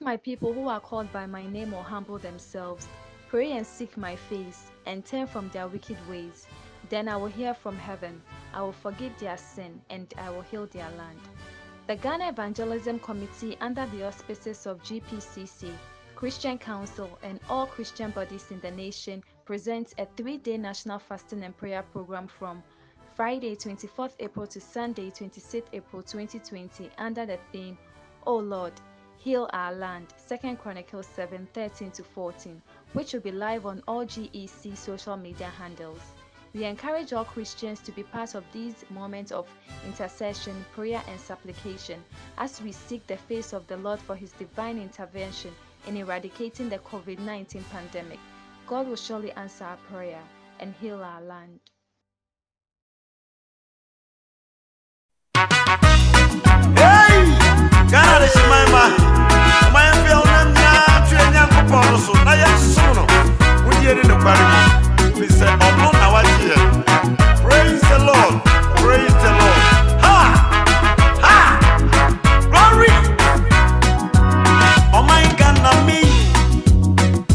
my people who are called by my name will humble themselves, pray and seek my face, and turn from their wicked ways, then I will hear from heaven, I will forgive their sin, and I will heal their land. The Ghana Evangelism Committee, under the auspices of GPCC, Christian Council, and all Christian bodies in the nation, presents a three day national fasting and prayer program from Friday, 24th April to Sunday, 26th April 2020, under the theme, O Lord, Heal Our Land, 2 Chronicles 7 13 to 14, which will be live on all GEC social media handles. We encourage all Christians to be part of these moments of intercession, prayer, and supplication as we seek the face of the Lord for His divine intervention in eradicating the COVID 19 pandemic. God will surely answer our prayer and heal our land. Hey! God is my ɛpɔn no so na yɛsom no wodie ne nokware mu fi sɛ ɔno na wagyeɛ praise the lord praise the lord ha ha glory ɔman ghana me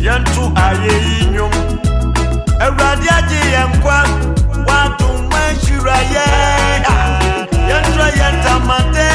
yɛnto ayɛ yi nnwom awurade agye yɛn nkwa ye. nhyira yɛ yɛntra yɛntamade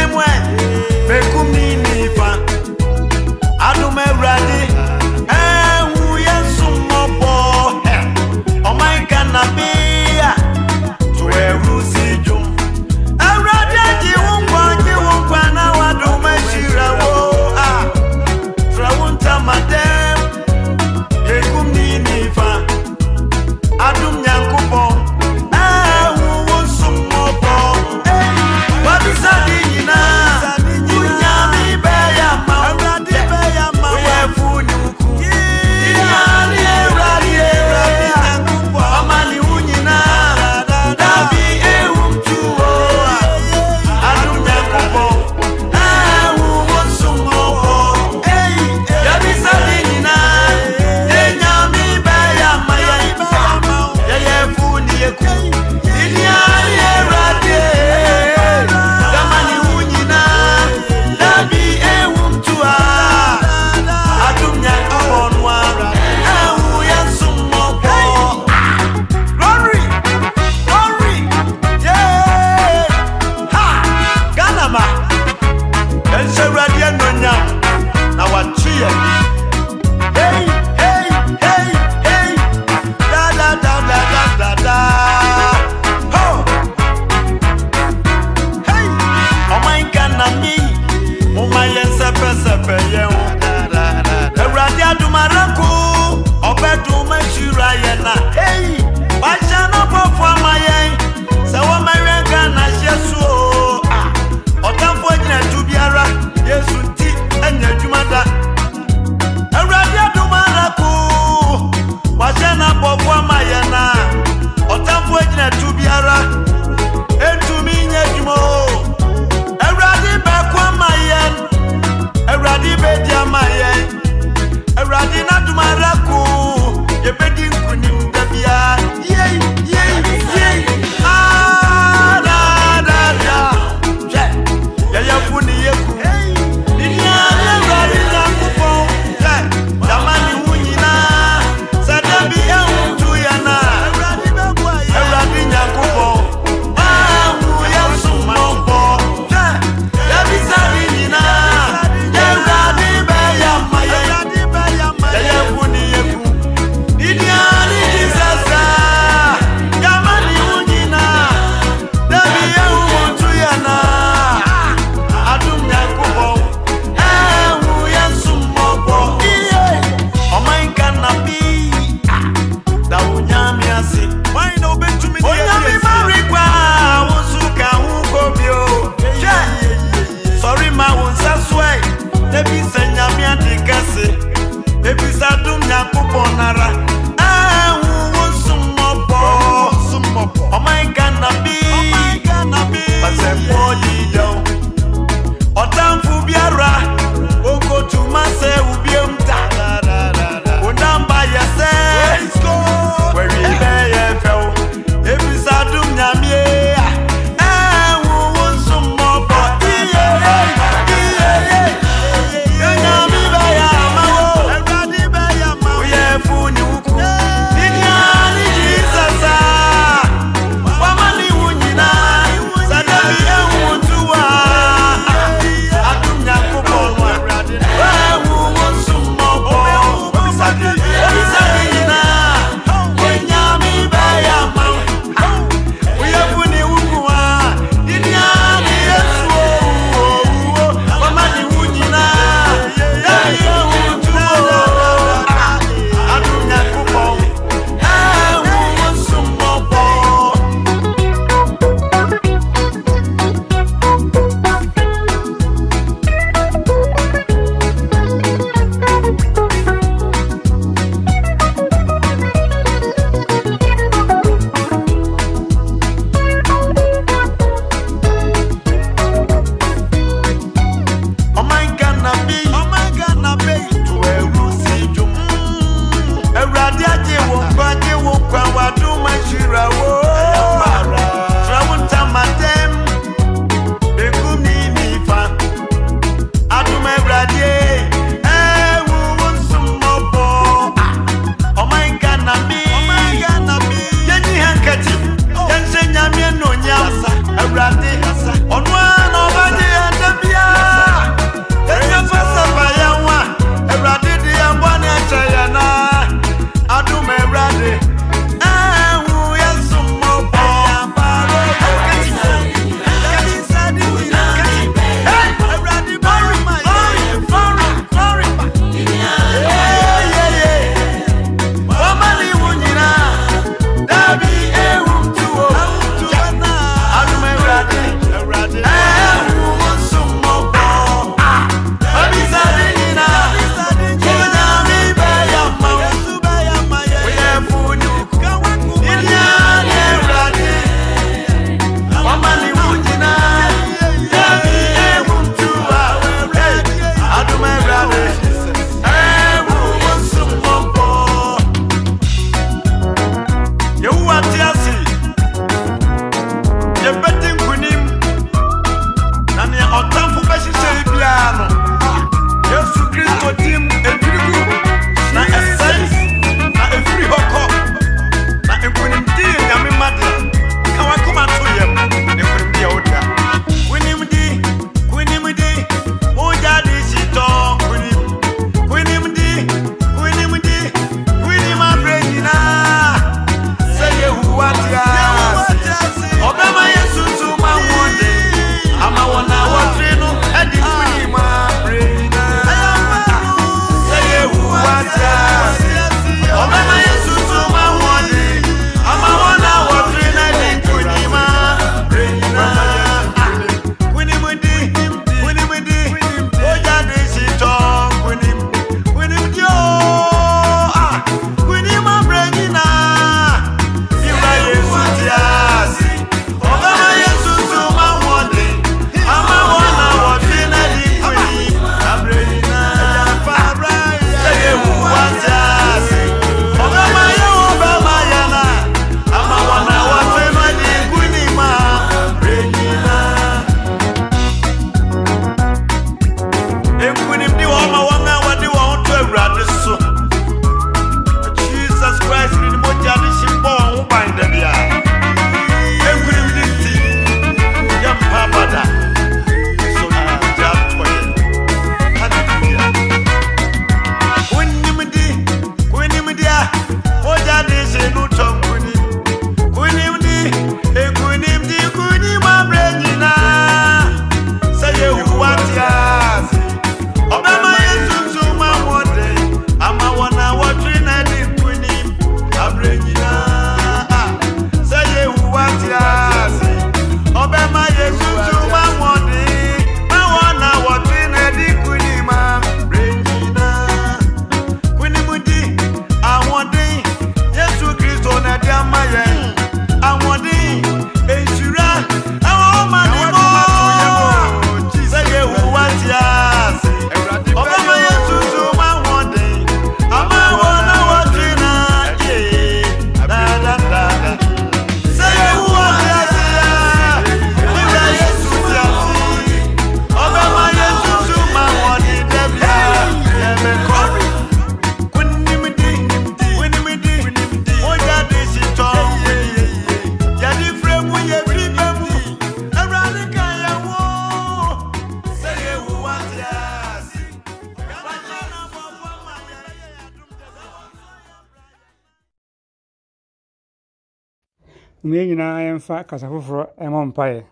fa kasa foforo ɛmɔ mpaeɛ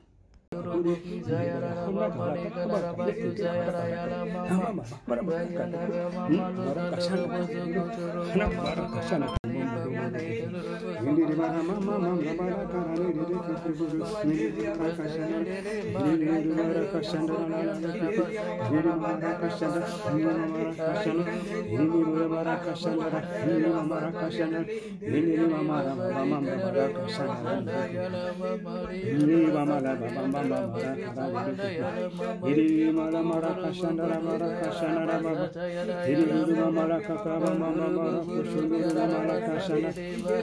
Thank you. Nindi di bara ma ma ma ma bara kara ni di di kitri guru nindi di bara kasanda nindi di bara kasanda na na na na nindi di bara kasanda nindi di bara kasanda nindi di bara kasanda nindi di bara kasanda nindi di bara ma ma ma ma bara kasanda nindi di bara ma ma ma ma bara kara nindi di bara ma ra kasanda ra bara kasanda ra bara nindi di bara ma ra kasanda ra bara kasanda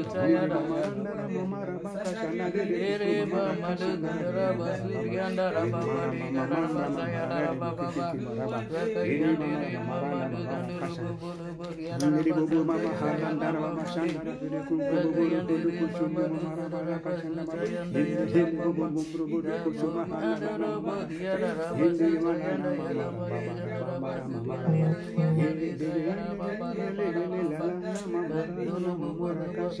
Utayada Ere Bama Dara Basliganda Rama Madina Rama Sayada Baba Baba Ere Mama Dara Bulu Bugiana Rama Sayada Baba Sayada Baba Sayada Baba Sayada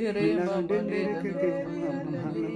Yere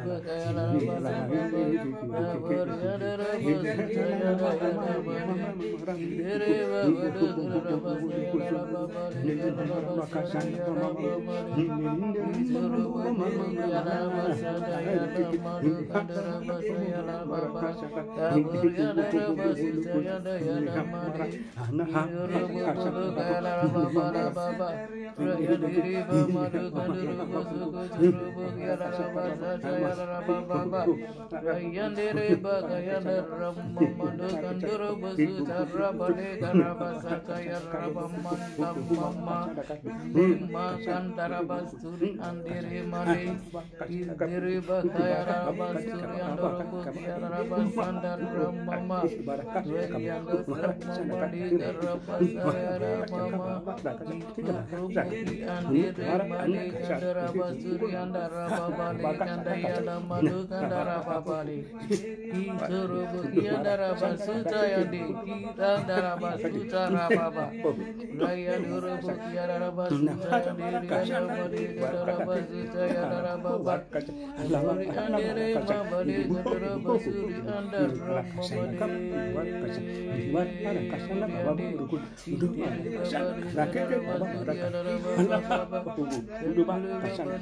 you. Yandere baga yandere mamando kandoro bale karaba saka yarra bamma tamma dimma kantara basuri andere male indere baga yarra basuri andoro bosu ramma yandere mamma di karra basa malukan darah apa di darah yang di Kita darah basuta apa Raya duru bukia darah basuta yang di Raya apa di darah basuta yang darah papa Suri andere mama di darah basuri andar Mama di Mana kasana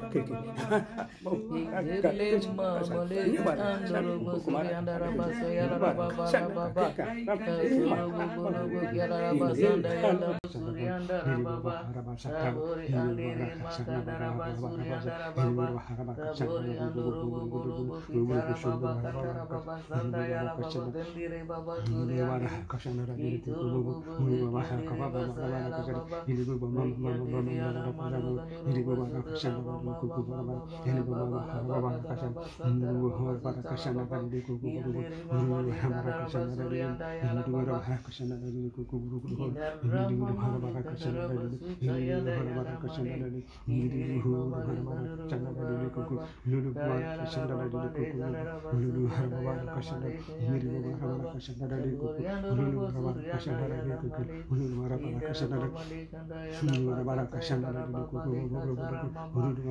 Ini kuku barabara ini barabara barabara kasam hindu barabara kasam dari di kuku kuku barabara kasam dari hindu barabara kasam dari di kuku kuku kuku hindu barabara kasam dari hindu barabara kasam dari hindu barabara kasam dari di kuku lulu barabara kasam dari di kuku lulu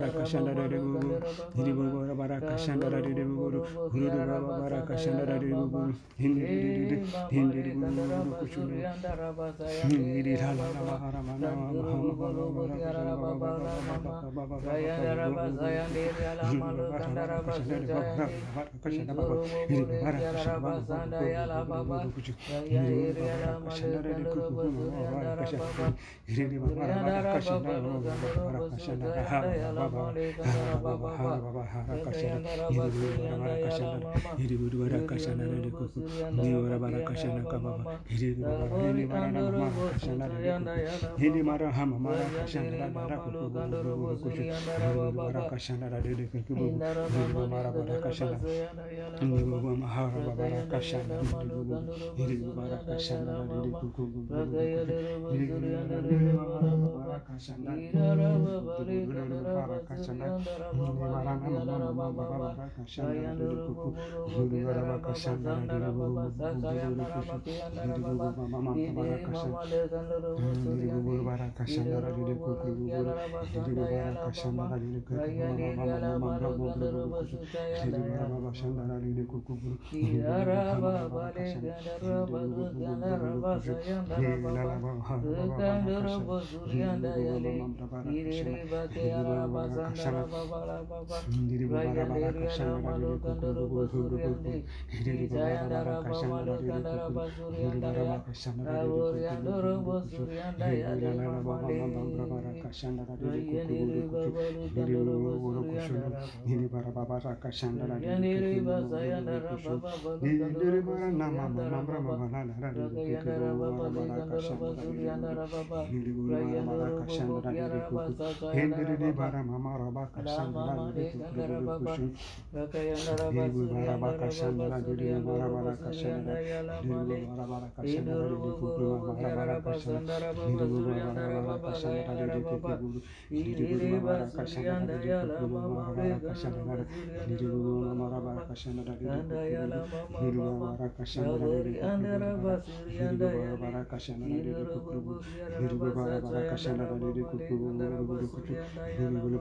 bara kashanda rare guru hiri bara bara kashanda rare guru huru bara bara kashanda rare guru hindi hindi hindi guru kuchuru hiri la la la bara mana mahamu bara bara bara bara saya bara saya diri ala malu kandara bara kashanda bara hiri bara kashanda bara baba saya diri ala malu kandara bara kashanda hiri bara kashanda bara kashanda bara kashanda Barakasana, Gandara Basurianda Yale, Iri Bate Araba Kasana Sundiri Bhavara Hiri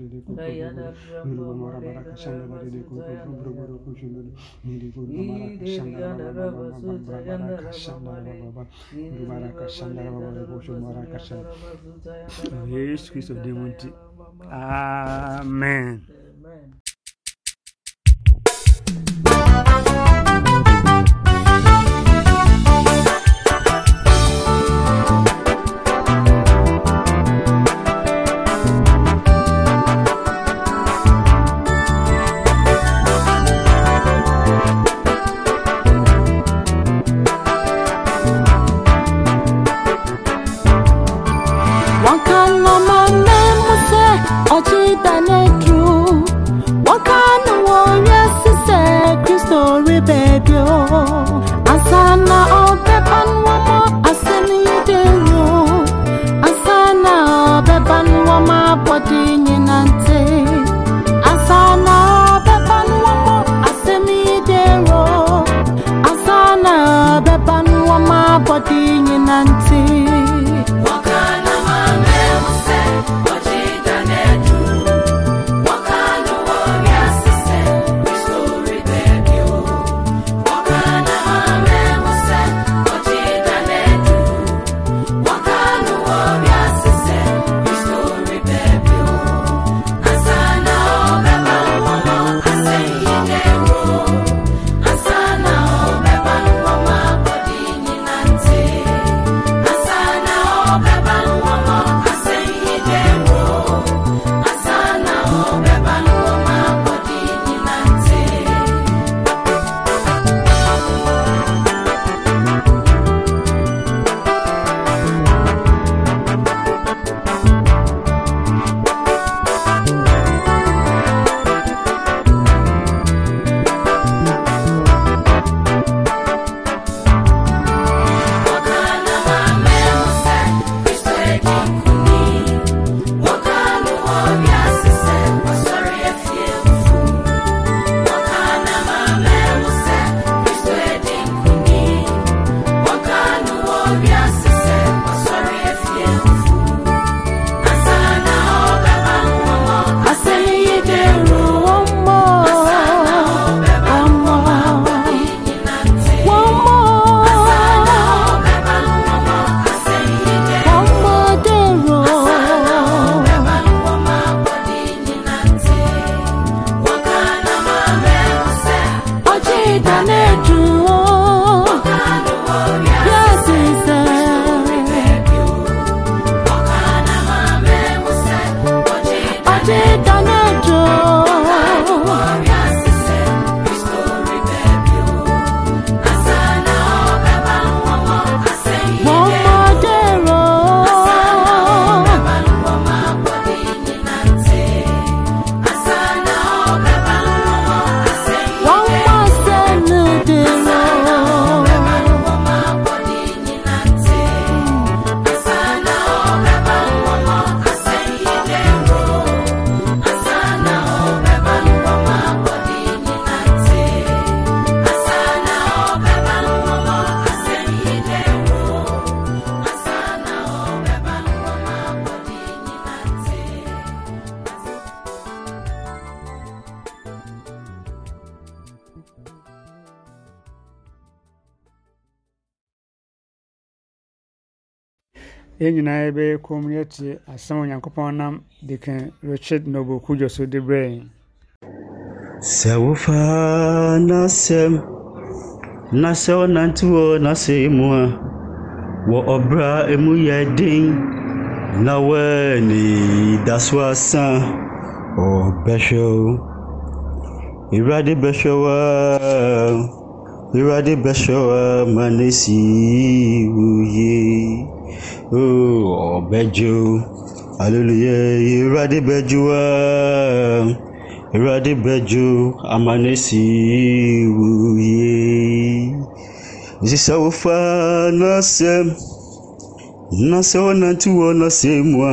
mari de ku nuru mara mara ka shanda mari de ku bro bro ku shanda ni de ku mara ka shanda mara ka shanda baba mara ka shanda baba ku shanda mara ka shanda yesu kristo de monti amen yɛn nyinaa yɛbɛyɛ komm na yɛate asɛm a onyankopɔn nam de ka richard nobɔku dwa so de brɛ yɛn sɛ wofa n'asɛm na sɛ wonante wɔ n'asɛe mu a wɔ ɔbra ɛmu yɛ den na woani da so asa ɔbɛhwɛ wo awurade bɛhwɛ wo a bɛhwɛ wo ma no si wo yie ọ̀bẹ́jọ́ aleluya iradibẹ́jọ́ iradibẹ́jọ́ amanesi wuye zisawofa nase nase wonantiwo nase mua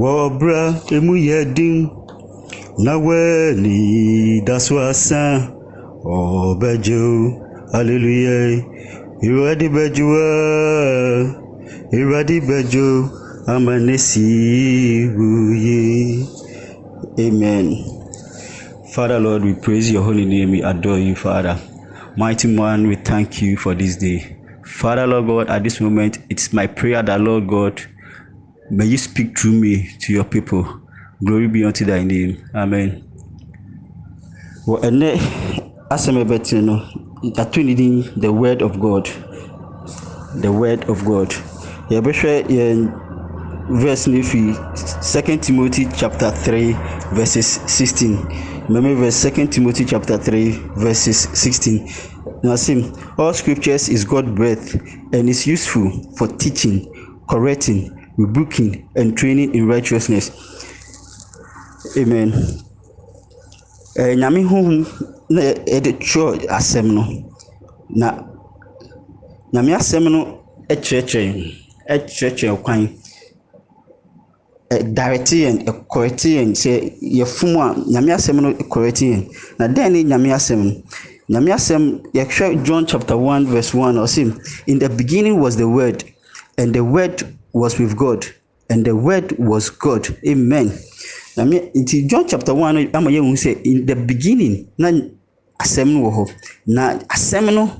wɔbra emu yɛ din nawɛ ni daso asan ɔbɛdzo aleluya iradibɛjɔ. Awurade bɛdwo ama ne siwuye. Amen. Father, Lord, we praise your holy name. We adore you, Father. Mighty man, we thank you for this day. Father, Lord God, at this moment, it's my prayer that, Lord God, may you speak through me to your people. Glory be unto thy name. Amen. Wɔ ɛnɛ asɛm ɛbɛtene no, yɛato ne din the word of God. The word of God yɛbɛhwɛ yɛn verse no firi second timothy chapter three verses sixteen mmemme verse second timothy chapter three verses sixteen na same all scriptures is god breathed and is useful for teaching correcting rebuking and training in righteousness amen ɛɛ eh, nyame huhu na yɛde twerɛ asɛm no na nyame asɛm no kyerɛkyerɛ yɛn kyerɛkyerɛ kwan ɛdarete yɛn ɛkɔrɛte yɛn sɛ yɛfum a nyame asɛm no ɛkɔrɛte yɛn na dɛn ne nyame asɛm no nyame asɛm yɛhwɛ john chapter one verse one ɔsi in the beginning was the word and the word was with god and the word was god amen nyame nti john chapter one ama yɛn hu sɛ in the beginning na asɛm no wɔ hɔ na asɛm no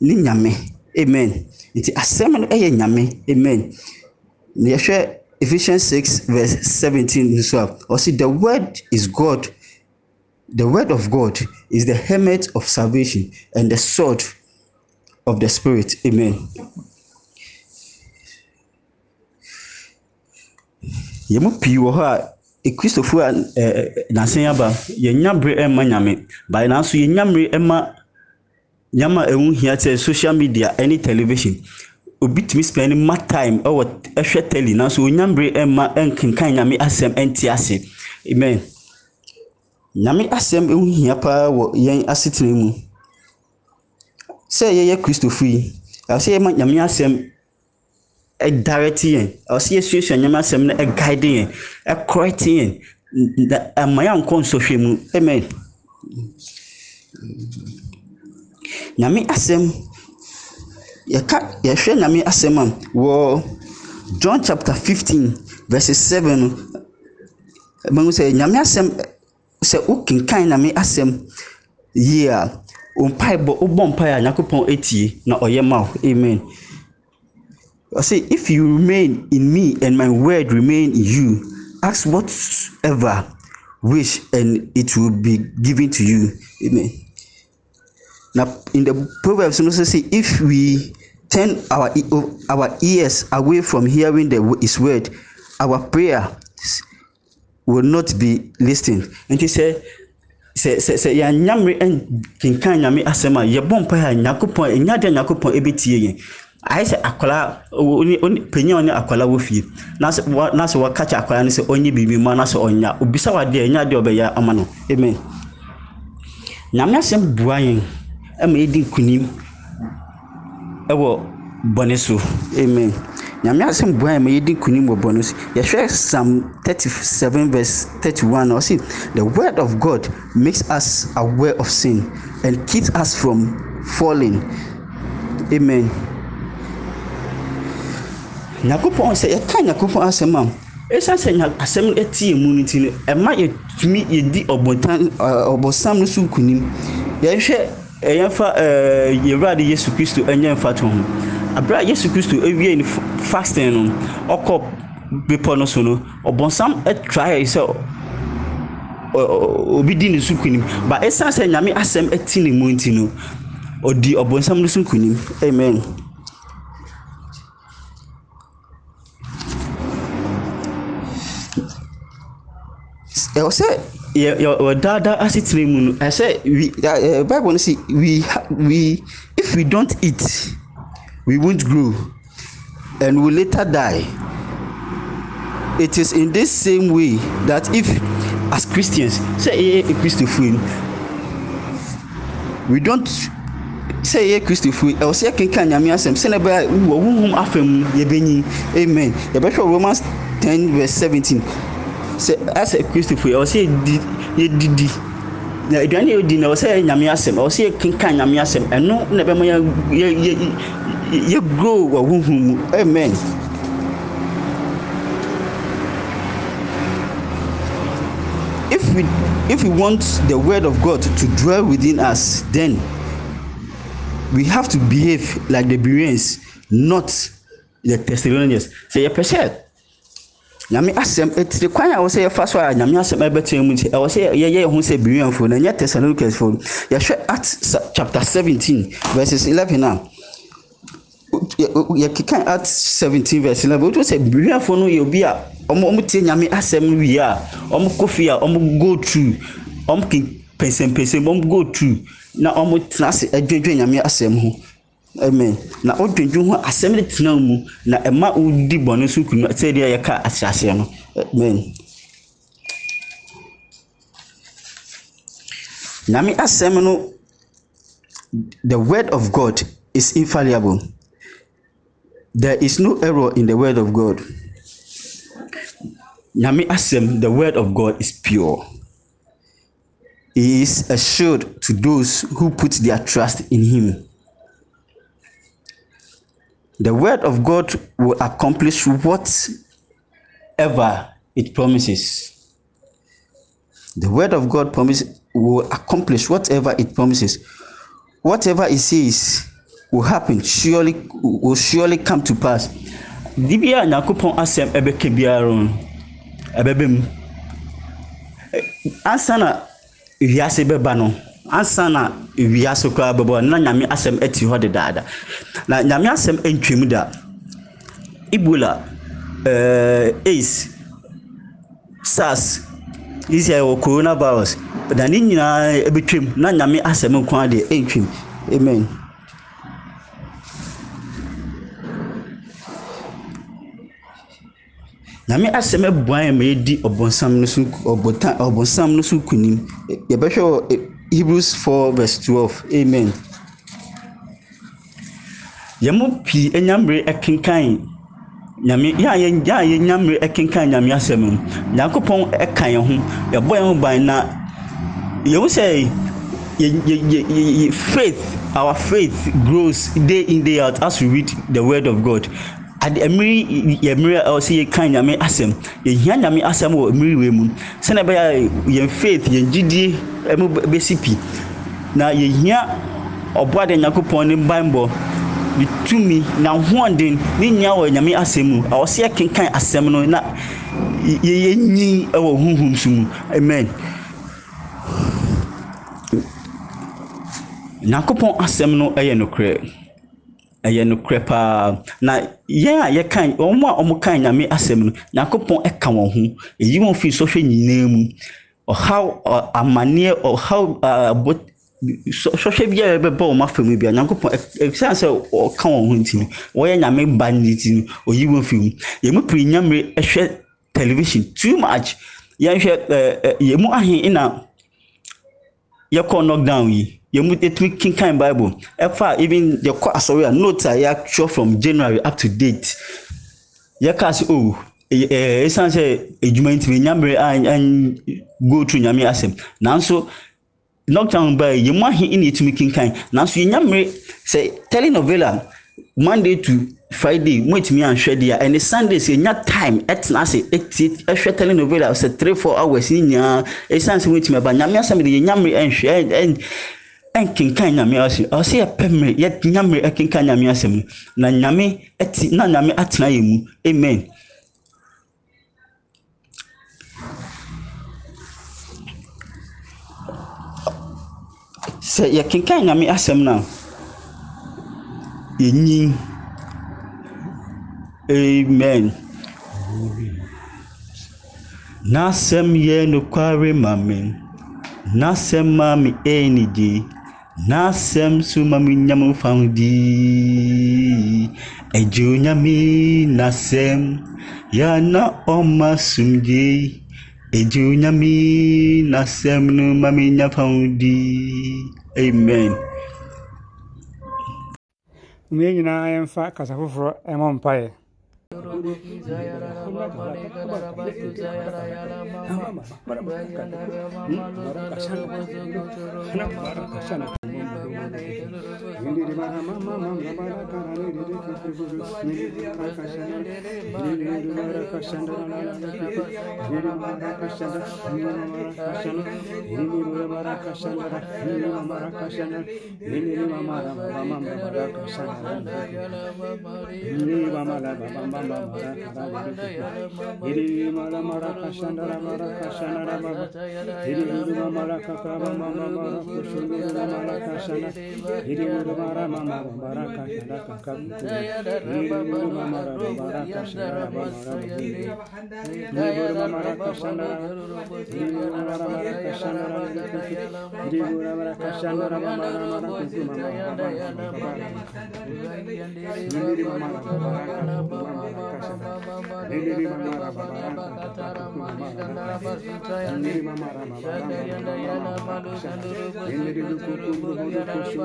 ne nyame amen. nti asɛm no yɛ nyame amen na yɛhwɛ ephesians six verse seventeen nso a ɔsi the word is god the word of god is the helmet of salvation and the sword of the spirit amen. yɛn mu pii wɔ hɔ a ekristofo a ɛɛ nasen aba yɛn nyabere ɛma nyame baa nanso yɛn nyabere ɛma. nneɛma a ɛho hia sɛ social media ne television obi tumi spend ma time ɛwɔ ɛhwɛ tele nanso onyambere ɛma ɛnkenkan nyame asɛm ɛnte ase amen nyame asɛm ɛho hia paa wɔ yɛn asetena mu sɛ yɛyɛ kristofo yi ɛwɔ sɛ yɛma nyame asɛm ɛdarete yɛn ɛwɔ sɛ yɛsuasua nyame asɛm no ɛguide yɛn ɛkorɛte yɛn ama yɛankɔ nsɔhwɛ mu amen nyame asɛm yɛka yɛhwɛ nyame asɛm a wɔ john chapter fifteen verse seven no ɛbɛn sɛ nyame asɛm sɛ wokenkan nyame asɛm yie a mpaebɔ wobɔ mpae a nyankopɔn etie na ɔyɛ ma wo amen ɔsɛ if you remain in me and my word remain in you ask whatever wish and it will be given to you amen. Now, in the Proverbs, you say, if we turn our, e, our ears away from hearing the, His word, our prayer will not be listened. And he say sɛ sɛ sɛ yɛn nyame nkenkan nyame asɛm a yɛbɔ mpa a nyakopɔn enya deɛ nyakopɔn ebetie yɛn ayɛ sɛ akwaraa oni oni panyin a ɔne akwaraa wɔ fie n'asɛ wɔ n'asɛ wɔka kyɛ akwaraa no sɛ ɔnye biribi mu anasɛ ɔnya obisa wa deɛ ɔbɛyɛ ama no amen nyame asɛm bua yɛn ɛma yɛdi nkunim ɛwɔ bɔne so amen nyame asɛm bua ɛma yɛdi nkunim wɔ bɔne so yɛhwɛ psalm thirty seven verse thirty one ɔsi the word of god makes us aware of sin and keeps us from falling amen nyakopɔn sɛ yɛka nyakopɔn asɛm a ɛsiane sɛ asɛm no ɛte yɛn mu no nti no ɛma yɛtumi yɛdi ɔbɔntan ɔbɔsam no so nkunim yɛhwɛ Eh, eh, fa ɛɛ yɛwurade yesu Kristu ɛnyɛ mfatoho abira yesu Kristu ewie ne fasting no ɔkɔ bepɔ no so no ɔbɔnsam ɛtra yɛ sɛ obi di ne so nkunim ba ɛsan sɛ nyame asɛm ɛti ne mu nti no ɔdi ɔbɔnsam no so nkunim amen. ɛwɔ sɛ yɛdaadaa ase tena mu no ɛsɛ we uh, bible no say we we if we don't eat we won't grow and we later die it is in this same way that if as christians say, ɛyɛ kristofoɔ mu we don't sɛ ɛyɛ kristofoɔ ɛwɔ sɛ yɛkenka nyame asɛm sɛnɛ bɛyɛ wɔ honhom afa mu yɛbɛnyin amen yɛbɛhwɛ romans ten verse seventeen sɛ asɛ kristofo yɛ ɔsɛ yɛdidi na aduane yɛ di na ɔsɛ yɛ nyame asɛm ɔsɛ yɛ kenkan nyame asɛm ɛno na ɛbɛma yɛ yɛ yɛ yɛ grow wɔ huhum mu amen. If we if we want the word of God to dwell within us, then we have to behave like the Bereans, not the Thessalonians. Say, so, yeah, nyame asɛm etire eh, kwan a wɔsɛ yɛfa so a nyame asɛm ɛbɛtɛn mu nti ɛwɔ sɛ yɛyɛ yɛn ho sɛ biwianfo na nyɛ tesalonikasfo no yɛhwɛ acts chapter seventeen verses eleven a yɛkeka at seventeen verses eleven wotu sɛ biwianfo no yɛ obi a wɔn tie nyame asɛm wie a wɔn kɔ fie a wɔn go through wɔn pɛnsɛmpɛnsɛm wɔn go through na wɔn tena ase adwedwe nyame asɛm ho amen na wodwendwe ho asɛm de tena mu na ɛma wodi bɔne so kunu sɛdeɛ yɛka ahyɛaseɛ no amen nyame asɛm no the word of god is infallible there is no error in the word of god nyame asɛm the word of god is pure he is assured to those who put their trust in him The word of God will accomplish whatever it promises. The word of God promise will accomplish whatever it promises. Whatever it says will happen surely will surely come to pass. Dibi a nyakopɔn asɛm ɛbɛka biara no ɛbɛbɛ mu. Ansa na wiase bɛba no. ansa na wiase koraa bɛbɔ na nyame asɛm ati hɔ dedaada na nyame asɛm ntwam da ebola ɛɛ uh, eh, aids sars yisi a yɛwɔ coronavirus na ne nyinaa ɛbɛtwam na nyame asɛm nko ara deɛ ɛntwam amen. nyame asɛm abuan ma yɛdi ɔbɔnsam no so ɔbɔnsam no so nkonim yɛbɛhwɛ Hebrews 4 verse 12. Amen. Yɛn mu pii anyamire kenkan nyame yɛ a yɛ a yɛ nyamire kenkan nyame asɛm mu nyankopɔn ka yɛn ho yɛbɔ yɛn ho ban na yɛn mu sɛ yɛ yɛ yɛ yɛ faith our faith grows day in day out as we read the word of God ade mmiri yɛ mmiri a eh, ɔsɛ yɛka nyame asɛm yɛhia nyame asɛm wɔ mmiri wei mu sɛnɛ ɛbɛyɛ yɛn faith yɛn gyidie mu bɛsi pi na yɛhia ɔboade nyankopɔn ne bambɔ ne tumi na ahoɔden ne nyia wɔ nyame asɛm mu a ɔsɛ yɛkenkan asɛm no na yɛyɛnyin eh, wɔ huhum so mu amen nyankopɔn asɛm no yɛ nokorɛ ɛyɛ nokorɛ paa na yɛn a yɛkan wɔn a wɔkan nyame asɛm no nyankopɔn ɛka wɔn ho ɛyi wɔn firi sɔhwɛ nyinaa mu ɔhaw amanneɛ ɔhaw abo sɔhwɛ biara bɛbɔ wɔn afa mu biara nyankopɔn ɛsan sɛ ɔka wɔn ho nti no wɔyɛ nyame ba ne ti no ɔyi wɔn firi mu yɛn mu nyamire ɛhwɛ television too much yɛn hwɛ ɛɛ yɛn mu ahen na yɛkɔ knockdown yi yɛmu etumi kinkan bible ɛfa even yɛkɔ asɔre a note a yɛatwerɛ from january up to date yɛka sɛ o oh, ɛɛ e, ɛsan e, e sɛ edwuma yi ntumi nyamere a ɛn go through nyame asɛm nanso lockdown baa yɛmu ahe ɛna etumi kinkan nanso yɛnyamere sɛ telenovela monday to friday mo etumi ahwɛ deɛ ɛne sunday sɛ nya time ɛtena ase ɛti ɛhwɛ telenovela sɛ three four hours ne nyinaa ɛsan sɛ mo etumi aba nyame asɛm de yɛnyamere ɛnhwɛ ɛn ɛn ɛnkenkan nyame asɛm ɔsɛ yɛpɛ mmerɛ yɛnya mmerɛ ɛkenkan nyame asɛm no na nyame ɛte na nyame atena yɛ mu amen sɛ yɛkenkan nyame asɛm no a yɛnyin amen n'asɛm yɛ nokware ma me n'asɛm ma me ɛnigye n'asɛm so ma me nya mo fam di agye onyame n'asɛm ya na ɔma somdye agye onyame n'asɛm no ma me nya fam di amen mmea nyinaa yɛmfa kasa foforɔ ɛmɔ mpaeɛ Anak barak sana, Nidhi mama mama mama mama. ma mama mama mama mama. kiti mama mama mama mama. nidhi mama mama mama mama. na mama mama mama mama. nidhi mama mama mama mama. kashanda mama mama mama mama. bara mama mama mama mama. kashanda mama mama mama mama. Ini di dukuh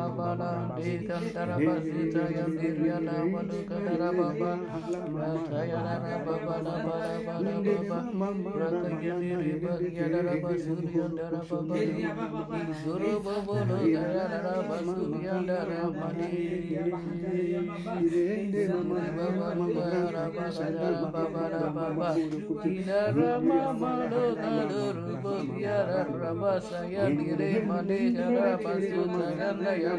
bala di tantara basi taya diriana wadu kadara baba rataya rana baba la bala bala baba rataya diri bagya dara basuriya dara baba suru baba lo dara dara basuriya dara mani baba baba dara baba dara baba dara baba dara mama lo kadara bagya dara basaya diri mani dara basuriya dara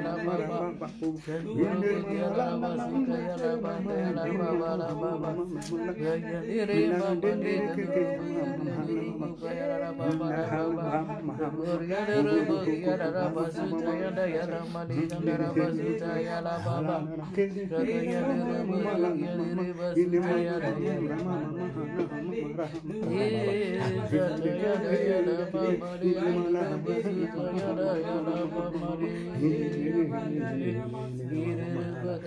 Yeah. Shiv Bhagat Namaskar Terima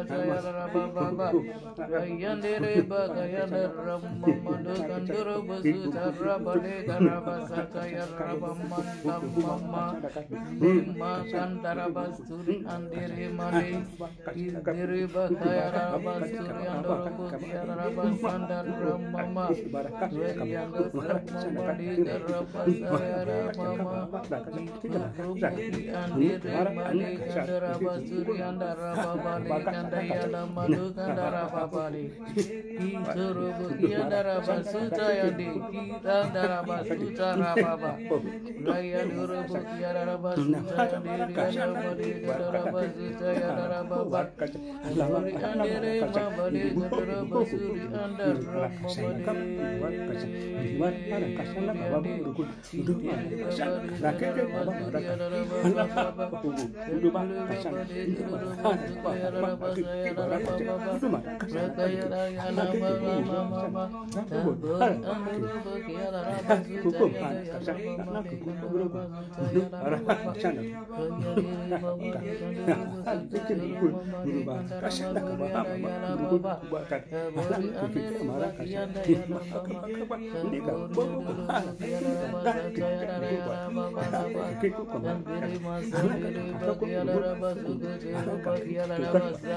kasih baba yandere baga yandara mamando kandoro basu tarra bale karaba saka basuri andere male indere baga yarra basuri andoro basu yarra basandara mama yandara mama yarra basara kandara basuri andara baba le memerlukan darah di serubut dia darah basuca yang di kita darah basuca rapapa raya durubut dia darah basuca yang di dia rabadi darah basuca yang darah babat suri andere mabadi darah basuri andar rabadi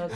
Anak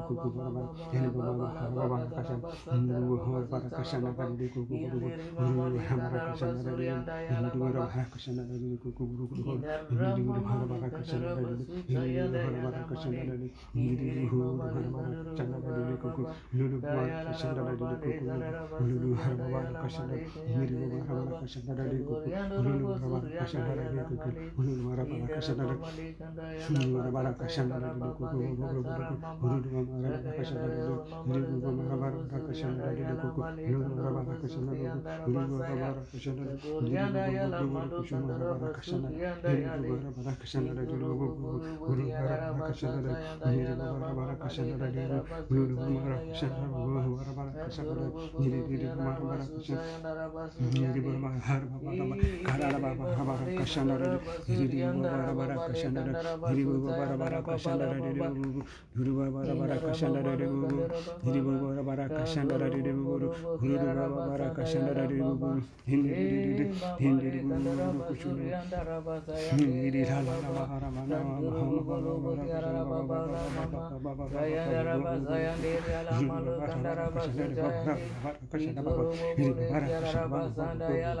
kuku baraba ele baba baba kashan hindu hor baba kashan baba de kuku kuku hindu hamara kashan baba de hindu hamara kashan baba de kuku kuku kuku hindu hor baba kashan baba de hindu hor baba kashan baba de lulu baba kashan baba de kuku lulu hor baba kashan ini di har baba baba karara baba baba kashandara hiri baba baba kashandara hiri baba baba kashandara hiri baba baba kashandara hiri baba baba kashandara hiri baba baba kashandara hindi hindi hindi kuchuru hiri la la la la la la Kashandara Baba Kashandara Baba Kashandara Baba Kashandara Baba Kashandara Baba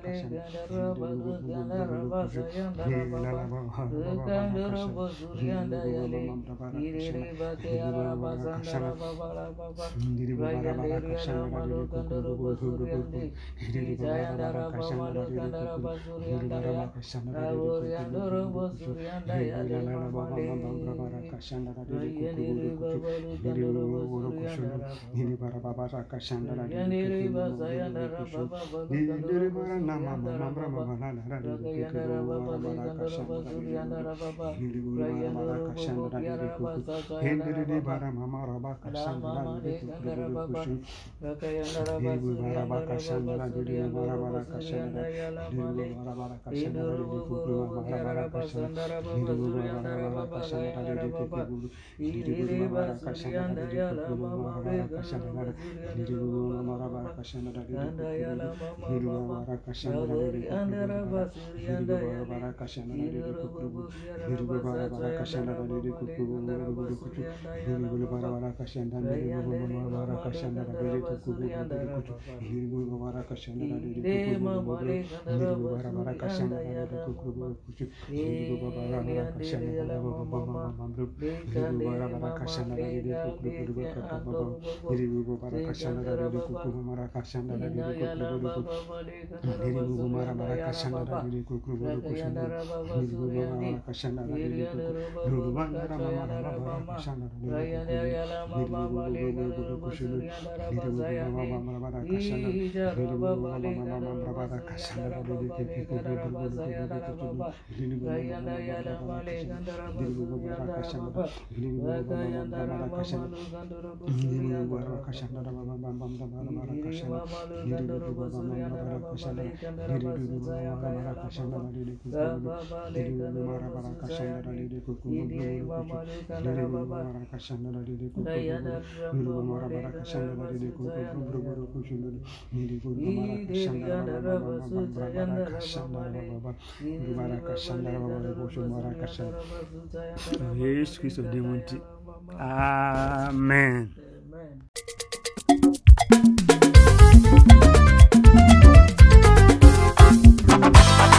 Ini para bapak rakyat kasih Hiri andara basuri andaya bara hiri riri kuku riri bara bara kashana riri kuku riri kuku riri bara bara kashana riri bara bara kashana riri kuku riri kuku riri bara kashana riri kuku riri bara bara kashana riri kuku riri hiri bara kashana riri kuku riri bara bara kashana riri kuku riri bara bara kashana riri kuku riri bara bara kashana riri kuku riri bara bara kashana riri kuku riri bara bara kashana riri kuku hiri bara bara kashana riri kuku riri bara bara kashana riri kuku riri bara bara kashana riri kuku riri bara bara kashana riri kuku riri bara bara kashana riri kuku riri bara bara kashana riri hiri riri bara bara kashana riri kuku riri bara bara kashana riri kuku riri bara bara kashana riri kuku riri bara bara kashana riri kuku riri bara bara kashana riri kuku riri bara bara kashana hiri kuku diriku kumara maraka sandara diriku Yesu Kristo ndiye muti. Amen. Amen. Thank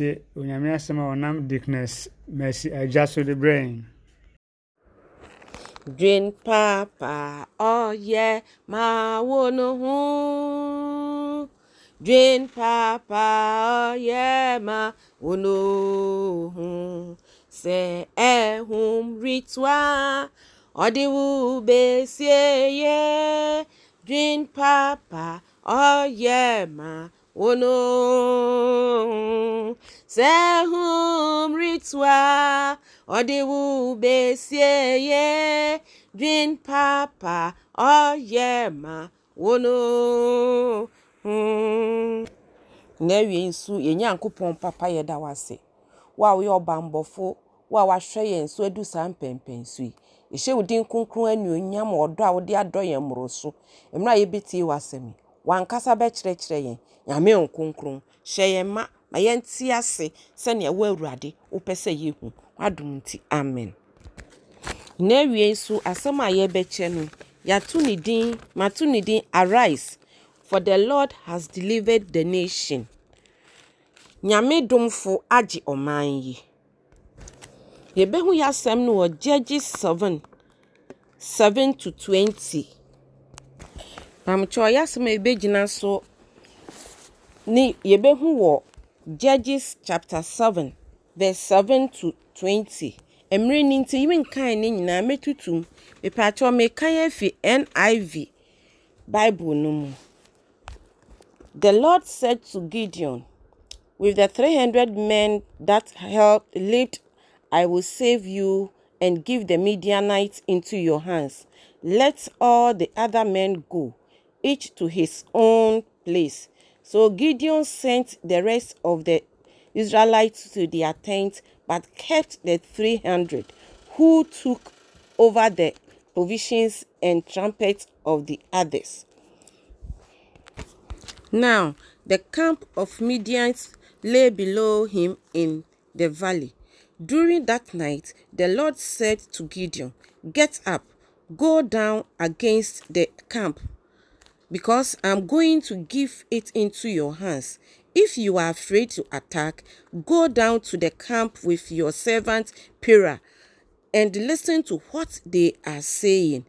ase onyame asɛm a ɔnam dickness mercy agya so de brɛ yɛn dwen paapaa oh oh ɔyɛ maawo no ho dwen paapaa ɔyɛ e maawo no ho sɛ ɛhom ritoa ɔde wo besie yɛ dwen paapaa oh ɔyɛ maawo unu sehum ritua ọdịwu ube sie papa oyema unu ọhụrụ. Hmm. ewie nso yɛnyɛ papa yɛda wase wo a woyɛ ɔbambɔfo wo a wahwɛ yɛn so adu saa mpɛmpɛn so yi ɛhyɛ wo din kronkron anuonyam ɔdɔ a wode adɔ yɛn mmoro so mmerɛ a yɛbɛtie yi wankasa bɛkyerɛkyerɛ yɛn nyame nkonkron hyɛ yɛn ma ma yɛnte ase sɛnea wo awurade wopɛ sɛ yɛhu wadom nti amen na awie nso asɛm a yɛbɛkyɛ no yɛato ne din mato ne din arise for the lord has delivered the nation nyame domfo agye ɔman yi yɛbɛhu yɛ asɛm no wɔ judges 7 7 to 20 pamkyɛ ɔyɛ asɛm a yɛbɛgyina so Ni yɛbɛhu wɔ Judges chapter Seven verse Seven to Twenty Mmerɛ ni nti yimi nkae ne nyinaa mɛtutum mepaakyɛ mekan afi NIV Bible no mu. The Lord said to Gideon, With the three hundred men that helped lead, I will save you and give the Midianites into your hands. Let all the other men go, each to his own place. So Gideon sent the rest of the Israelites to their tents, but kept the 300 who took over the provisions and trumpets of the others. Now, the camp of Midianites lay below him in the valley. During that night, the Lord said to Gideon, Get up, go down against the camp because I'm going to give it into your hands. If you are afraid to attack, go down to the camp with your servant Pira and listen to what they are saying.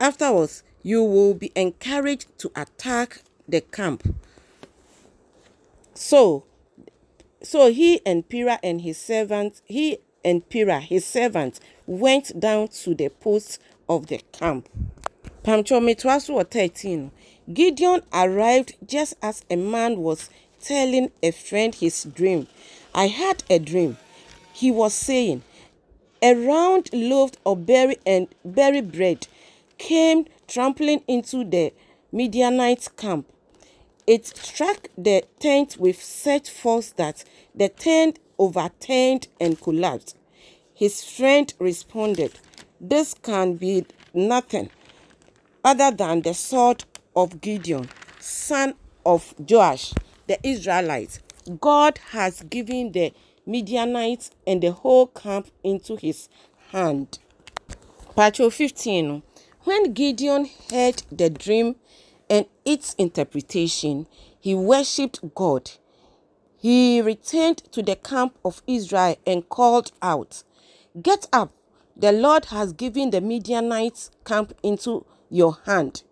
Afterwards, you will be encouraged to attack the camp. So, so he and Pira and his servant, he and Pira, his servant, went down to the post of the camp. 13. Gideon arrived just as a man was telling a friend his dream. I had a dream. He was saying, a round loaf of berry and berry bread came trampling into the Midianite camp. It struck the tent with such force that the tent overturned and collapsed. His friend responded, This can be nothing other than the sword of Gideon, son of Joash, the Israelites. God has given the Midianites and the whole camp into his hand. Patrol 15. When Gideon heard the dream and its interpretation, he worshipped God. He returned to the camp of Israel and called out, Get up! The Lord has given the Midianites' camp into your hand,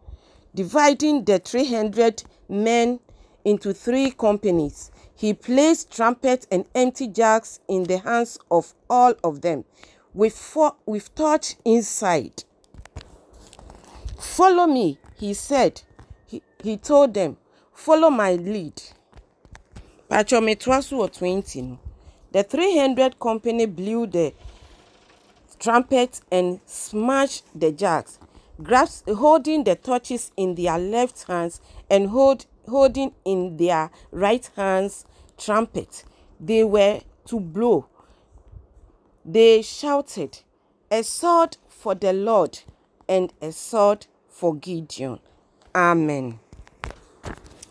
dividing the 300 men into three companies. He placed trumpets and empty jars in the hands of all of them, with, four, with torch inside. Follow me, he said. He, he told them, Follow my lead. or 20. The 300 company blew the trumpets and smashed the jars. grasps holding the torches in their left hands and hold, holding in their right hands trumpet they were to blow they shouted a sword for the lord and a sword for gideon amen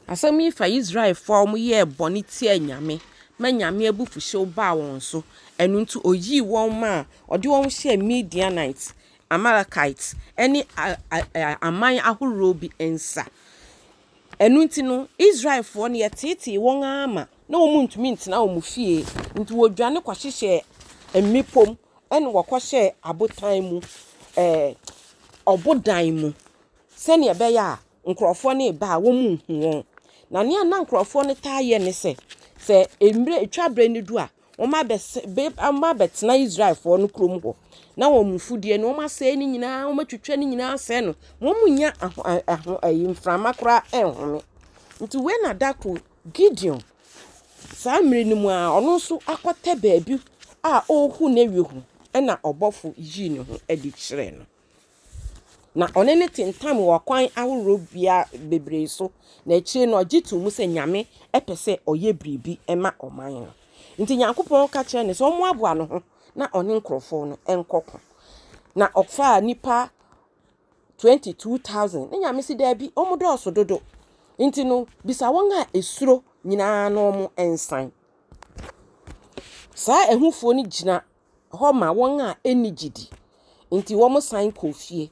asɛm yi fa israelfoɔ ɔmo yɛɛ bɔne tia e nyame ma nyame abufuhyew baa wɔn so ɛno nti oyii wɔn ma a ɔde wɔn hyɛɛ midianite Amalekites ne aman ahoroɔ bi nsa. Ɛno nti no, Israelfoɔ no, yɛteetee wɔn ara ma na ntumi ntena wɔn fie, nti wɔdwane kɔhyehyɛɛ mmepɔ mu, ɛnna wɔkɔhyɛɛ abotan mu ɛɛ eh, ɔbodan mu sɛdeɛ ɛbɛyɛ a, nkurɔfoɔ no reba a wɔrenhu wɔn. Na nea na nkurɔfoɔ no taa yɛ ne sɛ, sɛ mmerɛ etwaberɛ no du a, wɔma abɛtena israelfoɔ no kurom hɔ na wɔn mfudeɛ no wɔn asɛe no nyinaa wɔn atwitwa no nyinaa asɛe no wɔn nya aho aho ayi mframa koraa ɛnhome nti na dako gideon saa mmiri no mu a ɔno nso akɔtɛ baabi a ɔrehu n'awie ho ɛna ɔbɔfo yii ne ho kyerɛ no nti nyankopɔn ka kyerɛ ne sɛ ɔmmoaboa no ho na ɔne nkurɔfoɔ no nkɔko na ɔfaa nipa 22000 ne nyame si daabi ɔmo dɔɔso dodo nti no bisa wɔn a esuro nyinaa na ɔmo nsan saa ehufoɔ no gyina hɔ ma wɔn a ɛni gyidi nti wɔn san kɔ fie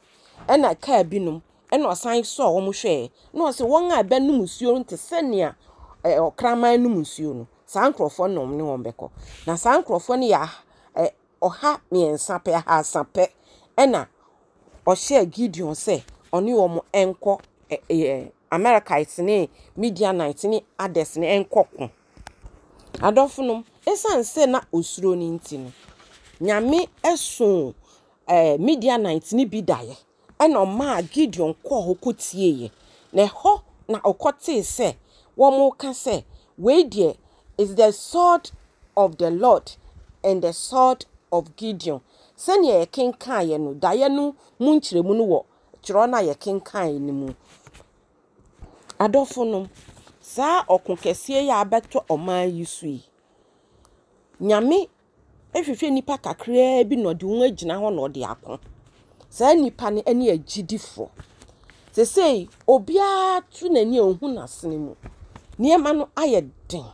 ɛna kaa nom ɛna ɔsan sɔɔ wɔn hwɛɛ na ɔsɛ wɔn a ɛbɛnum nsuo no te sɛnea ɛɛ ɔkraman num nsuo no. saa nkurɔfoɔ nom ne wɔn bɛkɔ na saa nkurɔfoɔ no yɛ ɛ ɔha mmiɛnsa pɛ ahasa pɛ ɛna ɔhyɛ gideon sɛ ɔne wɔn nkɔ ɛ ɛ americans ne midianites ne others ne nkɔ ko adɔfo nom esan sɛ na osuro ne nti no nyame ɛso ɛɛ midianites ne bi da yɛ ɛna ɔmaa gideon kɔ hɔ tie yɛ na ɛhɔ na ɔkɔtee sɛ wɔn ka sɛ wei deɛ. is the sword of the Lord and the sword of Gideon. Sɛnea yɛkenkaeɛ no, daeɛ no mu nkyerɛmu no wɔ twerɛ no a yɛkenkaeɛ no mu. Adɔfo no, saa ɔko kɛseɛ yi a abɛtɔ ɔman yi so yi, nyame ehwehwɛ nipa kakraa bi na ɔde wɔn agyina hɔ na ɔde ako. Saa nipa no ɛne agyidifoɔ. Sesei, obiara tu n'ani a ohu n'asene mu. Nneɛma no ayɛ den.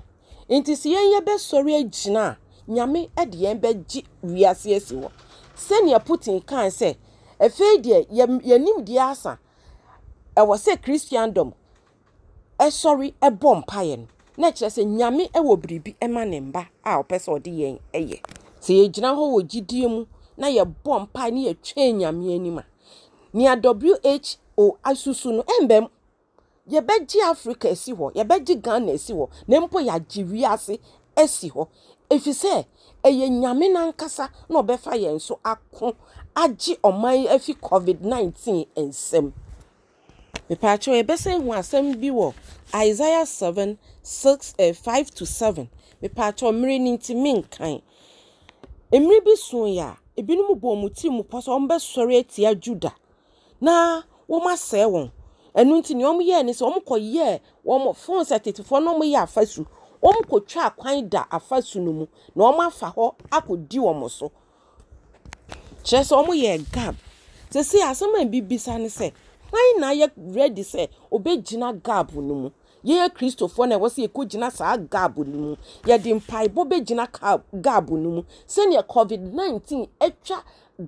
nti sɛ yɛn yɛ bɛsɔre agyina a nyame de yɛn bɛgye wiase asi hɔ sɛnea putin kan sɛ afei deɛ yɛnim deɛ asa ɛwɔ sɛ christiandom ɛsɔre ɛbɔ mpaeɛ no na kyerɛ sɛ nyame ɛwɔ biribi ɛma ne mba a ɔpɛ sɛ ɔde yɛn ɛyɛ sɛ yɛgyina hɔ wɔ gyidie mu na yɛbɔ mpae ne yɛtwɛn nyame anim a nea who asusu no mbɛm yɛbɛgye africa esi hɔ yɛbɛgye ghana esi hɔ na mpo yɛagye wiase esi hɔ efi sɛ ɛyɛ nyame nankasa na ɔbɛfa yɛn so ako agye ɔman afi covid nineteen nsɛm mipatwo yɛbɛsɛn ho asɛm bi wɔ isaiah seven six eh, five to seven mipatwo mmiri ne nti mi nkan mmiri bi so yɛ ebinom bɔ wɔn ti mu pɔ so wɔn bɛsɔre atia juda na wɔn asɛe wɔn. ɛnu nti nea wɔn yɛɛ ne sɛ wɔn kɔ yɛɛ wɔn phone sɛ tetefoɔ na wɔn yɛ afasu wɔn kɔ twa kwan da afasu no mu na wɔn afa hɔ di wɔn so kyerɛ sɛ wɔn yɛ gab sese asɛm a bibisa ne sɛ hwan na yɛ ready sɛ gyina gab no mu yɛyɛ kristofoɔ na ɛwɔ sɛ yɛkɔ gyina saa gab no mu yɛde mpaebɔ gyina gab no mu sɛnea covid 19 atwa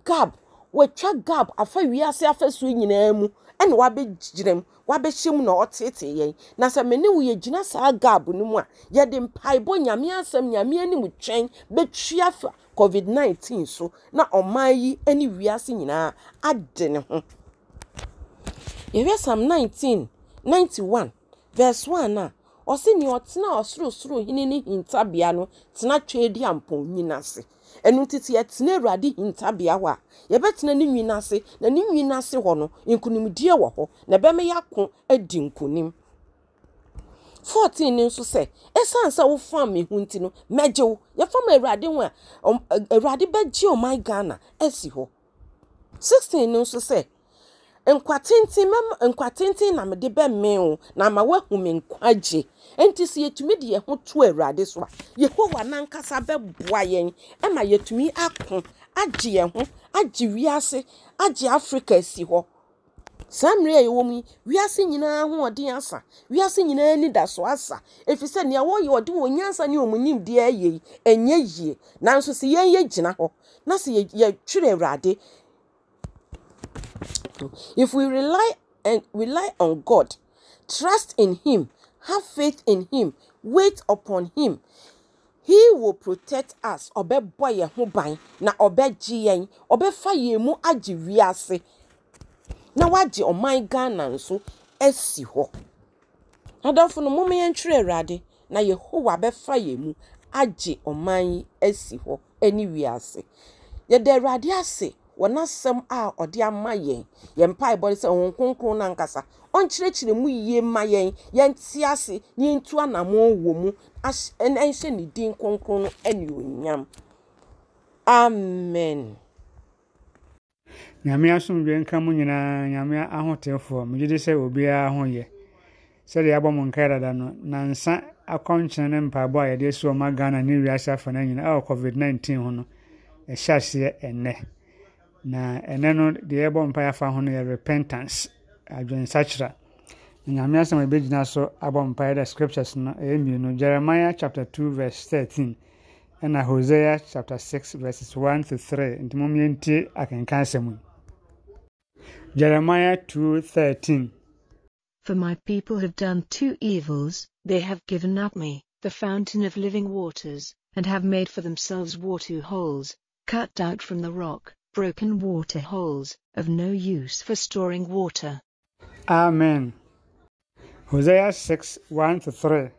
gab wɔatwa gab afa wiase afasuo nyinaa mu ɛna wabɛgyina mu wabɛhyɛ mu na ɔtete yɛn na sɛ me ne wo yɛgyina saa gab no mu a yɛde mpaebɔ nyame asɛm nyame anim twɛn bɛtua fa covid-19 so na ɔman yi ne wiase nyinaa ade ne ho yɛhwɛ sam 19 91 1 a ɔse nea ɔtena ɔsorosoro hene ne hintabea no tena twɛdi ampɔnyin ase ɛnu titi yɛtena awurade hintabea hɔ a yɛbɛtena ne nwin ase na ne nwin ase hɔ no nkunimdie wɔ hɔ na bɛma yɛako adi nkunim fourteen ni nso sɛ ɛsan sɛ wofam mi ho nti no mɛgye wo yɛfam awurade ho a awurade bɛgye ɔman ghana asi hɔ sixteen ni nso sɛ. nkwa tenten mɛma nkwa tenten na mede bɛ mmeo na ama wahu me nkwagye nti sɛ yɛtumi de yɛn ho to awurade so a yehowa nankasa bɛboa yɛn ɛma yɛtumi ako agye yɛn ho agye wiase agye africa asi hɔ saa mmerɛ a yɛwɔ mu yi wiase nyinaa ho ɔden asa wiase nyinaa ni da so asa ɛfiri sɛ nea wɔyɛ ɔde wɔn nyansa ne wɔn nim deɛ ɛyɛ yi ɛnyɛ yie nanso sɛ yɛn yɛ gyina hɔ na sɛ yɛtwerɛ awurade to. If we rely and rely on God, trust in Him, have faith in Him, wait upon Him, he will protect us ɔbɛbɔ yɛn ho na ɔbɛgye yɛn ɔbɛfa yɛn mu agye wiase na waji ɔman ghana nso asi hɔ adɔfo no mmomi yɛn twerɛ na Yehuwa bɛfa yɛn mu agye ɔman yi eni hɔ ɛne wiase yɛda awurade ase wɔn'asɛm a ɔde ama yɛn yɛn mpaebɔ ne sɛ wɔn kronkron no ankasa ɔnkyerɛkyerɛ mu yie ma yɛn yɛnte ase na yɛntu anammɔn wɔ mu ɛnhyɛ ne din kronkron no anuonyam amen nyame asomdwe nka mu nyinaa nyame ahotefoɔ megye de sɛ obiara ho yɛ sɛdeɛ abɔ mo nkae dada no nansa akɔnkyene ne mpaabɔ a yɛde asi ɔma ghana ne wiase afa no nyinaa ɛwɔ covid-19 ho no ɛhyɛ aseɛ ɛnnɛ na ɛnɛ no deɛ ɛbɔ mpaeɛ afa ho no yɛ repentance adwensakyera nyame asɛm ɛbɛgyina so abɔ mpaeɛ dɛ scriptures no ɛyɛ jeremiah chapter 2 verse 13 ɛna hosea chapter 6 verses 1 to 3 nti momiɛntie akenka asɛm yi jeremiah 2:13 For my people have done two evils, they have given up me, the fountain of living waters, and have made for themselves water holes, cut out from the rock, broken water holes, of no use for storing water. Amen. Hosea 6 1 3.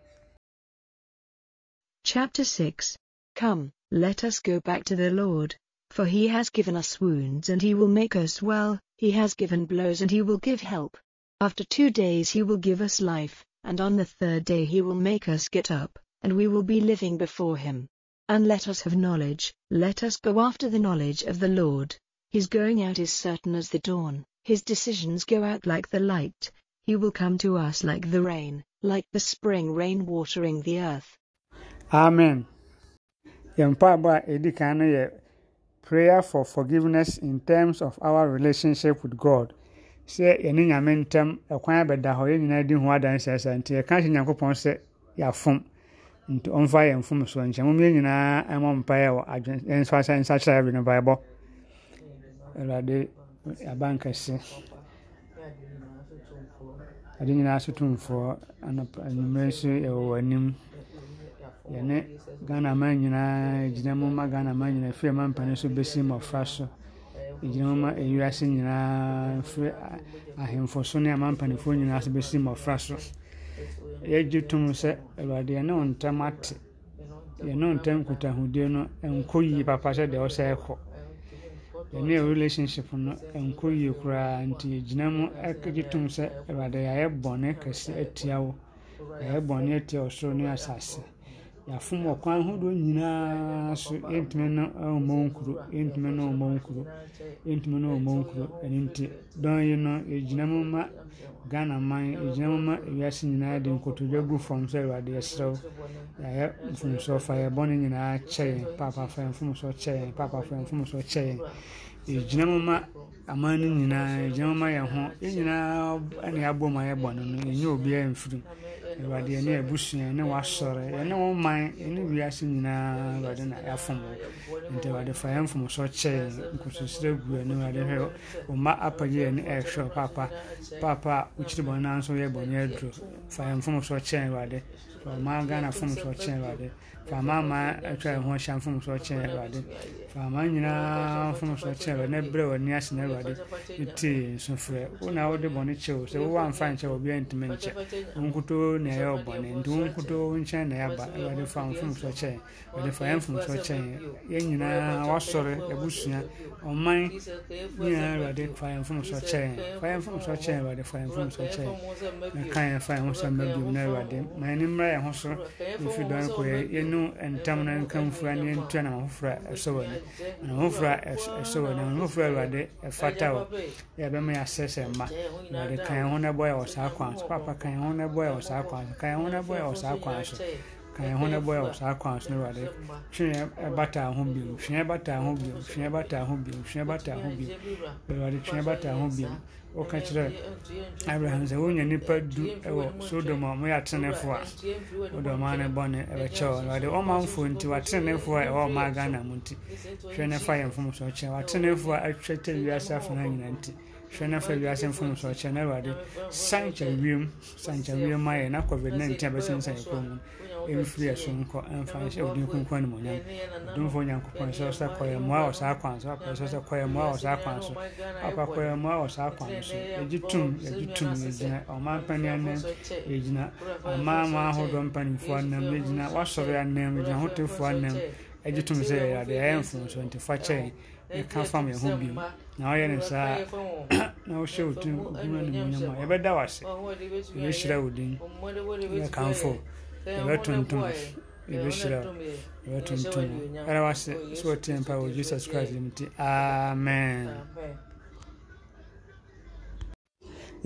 Chapter 6 Come, let us go back to the Lord, for he has given us wounds and he will make us well, he has given blows and he will give help. After two days he will give us life, and on the third day he will make us get up, and we will be living before him and let us have knowledge. Let us go after the knowledge of the Lord. His going out is certain as the dawn, his decisions go out like the light. He will come to us like the rain, like the spring rain watering the earth. Amen. Prayer for forgiveness in terms of our relationship with God. sɛ yɛne nyame ntɛm ɛkwan abɛda hɔ yɛn nyinaa di ho adanseasa nti yɛka hyɛ nyankopɔn sɛ yɛafom nti ɔmfa yɛn mfom so nkyɛn mu yɛn nyinaa ɛmɔ mpaeɛ wɔ adwen nso ahyɛ nsa kyerɛ adwene baebɔ awurade aban kɛse ade nyinaa so tumfoɔ anwummerɛ nso yɛwɔ w'anim yɛne ghana man nyinaa gyina mu ma ghana man nyinaa firi ma mpane so bɛsi mmɔfra so ɛgyina mu ma ɛwiase nyinaa firi ahemfo so ne ama mpanifoɔ nyinaa so bɛsi mmɔfra so yɛgye tom sɛ awurade yɛne wo ntɛm ate yɛne wo ntɛm nkutahodie no ɛnkɔ yie papa sɛ deɛ ɔsɛ ɛkɔ yɛne yɛ relationship no ɛnkɔ yie koraa nti yɛgyina mu ɛgye tom sɛ awurade yɛayɛ bɔne kɛse atia wo yɛayɛ bɔne atia ɔsoro ne asase yɛafom ɔkwan ahodoɔ nyinaa so ɛntumi no ɔmmɔ eh, nkuro ɛntumi no ɔmmɔ nkuro ɛntumi no ɔmmɔ nkuro ɛno nti dɔn yi no ɛgyina mu ma ghana man ɛgyina mu ma ewiase nyinaa de nkotodwe gu fam sɛ awurade yɛserɛ wo yɛayɛ mfomsoɔ fa yɛbɔne nyinaa kyɛ yɛn paapafa yɛn mfomsoɔ kyɛ yɛn paapafa yɛn mfomsoɔ kyɛ yɛn ɛgyina mu ma aman no nyinaa ɛgyina mu ma yɛn ho ɛnyinaa ɛne abɔ ma yɛbɔne no ɛnyɛ obiara mfiri awurade ɛne abusua ɛne wasɔre ɛne wo man ɛne wiase nyinaa awurade na yɛafom nti awurade fa yɛmfom sɔ kyɛe nkososrɛ gu ɛne awurade hwɛ ɔma apagye ɛne ɛhwɛ papa papa a wokyiri bɔne nanso yɛ bɔne aduro fa yɛmfom sɔ kyɛe awurade ɔma fom awurade fa amaaman atwa ɛho ahyia mfom so kyerɛ awurade fa nyinaa mfom so kyerɛ awurade na berɛ w'ani ase na awurade ɛtie nso frɛ wo na wode bɔne kyɛ wo sɛ wowamfa nkyɛ obiaa ntimi nkyɛ wonkoto na ɛyɛ ɔbɔne nti wonkoto wo nkyɛn na ɛyɛba awurade fa mfom so kyɛn awurade fa yɛ mfom so kyɛn yɛn nyinaa wasɔre abusua ɔman nyinaa awurade fa yɛn ho so ɛfi no ntam no nkamfura ne ntua na mahofra ɛsɔ w'ani mahofra ɛsɔ w'ani mahofra awurade ɛfata wɔ yɛbɛma yɛasɛsɛ mma awurade ka yɛn ho na ɛbɔ yɛ wɔ saa kwan so papa ka yɛn ho na ɛbɔ yɛ wɔ saa kwan so ka yɛn ho na ɛbɔ yɛ wɔ saa kwan so ka yɛn ho na ɛbɔ yɛ wɔ saa kwan so no awurade twe ɛbata ho bio twe ɛbata ho bio twe ɛbata ho bio twe ɛbata ho awurade ɛbata ho woka kyerɛ abraham sɛ wonya nnipa du wɔ sodom a moyɛ atenefoɔ a wode ɔma ne bɔne ɛbɛkyɛw awurade ɔma nti watenefoɔ a ɛwɔ ɔma ghana mu nti hwɛ ne fa yɛ mfomso kyɛ watenefoɔ a atwa tɛ wiase afena nyina nti hwɛ ne fa wiase mfomso kyɛ na awurade sankyɛ wiem sankyɛ wiem ayɛ na covid-19 abɛsensan ɛkɔ mu no ɛmfiri ɛsom nkɔ ɛmfa nhyɛ wodin kunkɔ animonyam ɔdomfo onyankopɔn sɛ sɛ kɔyɛ mmoa wɔ saa kwan so apɛ sɛ sɛ kɔyɛ mmoa wɔ saa kwan so apa kɔyɛ mmoa wɔ saa kwan so ɛgye tum ɛgye tum ɛgyina ɔman pani anan ɛgyina amaama ahodoɔ mpanimfoɔ anan ɛgyina wasɔre anan ɛgyina hotefoɔ anan ɛgye tum sɛ ɛyɛ adeɛ ɛyɛ mfonso nti fa kyɛn ɛka fam yɛn ho na ɔyɛ ne saa na ɔhyɛ wo tum ɔdum animonyam a yɛbɛda wo ase yɛbɛhyira wo abatontomu ebisira abatontomu era wase siwotempawo jesus christ muti amen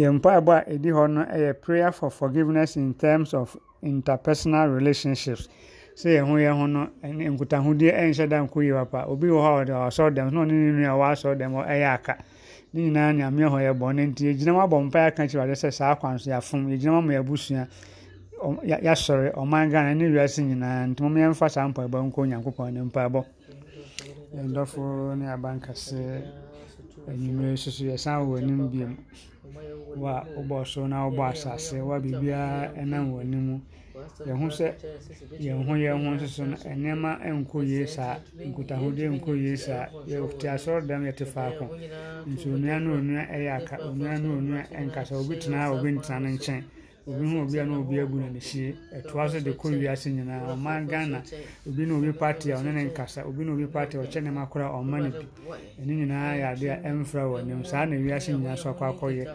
yɛmpaebɔ a ɛdi hɔ no yɛ prayer for forgiveness in terms of interpersonal relationships sɛ yɛn ho yɛn ho no nkutahodeɛ nhyɛ da nko yi papa obi wɔ hɔ a ɔde ɔsɔr dɛm na ɔne ne nua a ɔasɔr dɛm ɛyɛ aka ne nyinaa nyame hɔ yɛ bɔne nti yɛgyina mu abɔ mpaeɛ aka kyerɛ ade sɛ saa kwan so yɛafom yɛgyina mu ama yɛabusua yasɔre ɔman ghana ne wiase nyinaa nti mom saa ne ne abankase yɛsan wɔ anim wa wobɔ so na wobɔ asase wa biribiaa ɛnam wɔ anim mu yɛho sɛ yɛn ho yɛn ho nso no nneɛma nkɔ yie saa nkɔ yie saa faako nso onua onua obi hu obi a na obi abu na n'ehyie ɛtoa so de kɔ wiase nyinaa ɔman ghana obi na obi a ɔne ne nkasa obi na obi party a ɔkyɛ ne ma kora bi ɛne nyinaa yɛ adeɛ a ɛmfra wɔ ne saa na wiase nyinaa so akɔ akɔyɛ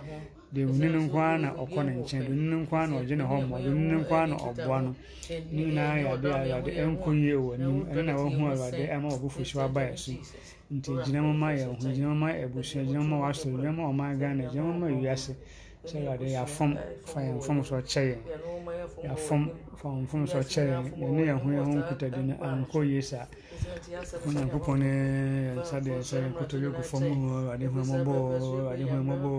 deɛwuni no nko ara na ɔkɔ ne nkyɛn deɛwuni no nko ara na ɔgye ne hɔ na ɔboa no nyinaa yɛ adeɛ a yie wɔ na ɛma yɛ so nti gyina mma ho gyina gyina sɛ yɛde yɛafom fa yɛn mfomsoɔ kyɛ yɛn yɛafom fa mfomsoɔ kyɛ yɛn yɛne yɛn ho yɛn ho nkutadi no ankɔ yie saa kuna kupone sade sade kutoyo kufomu adimwe mobo adimwe mobo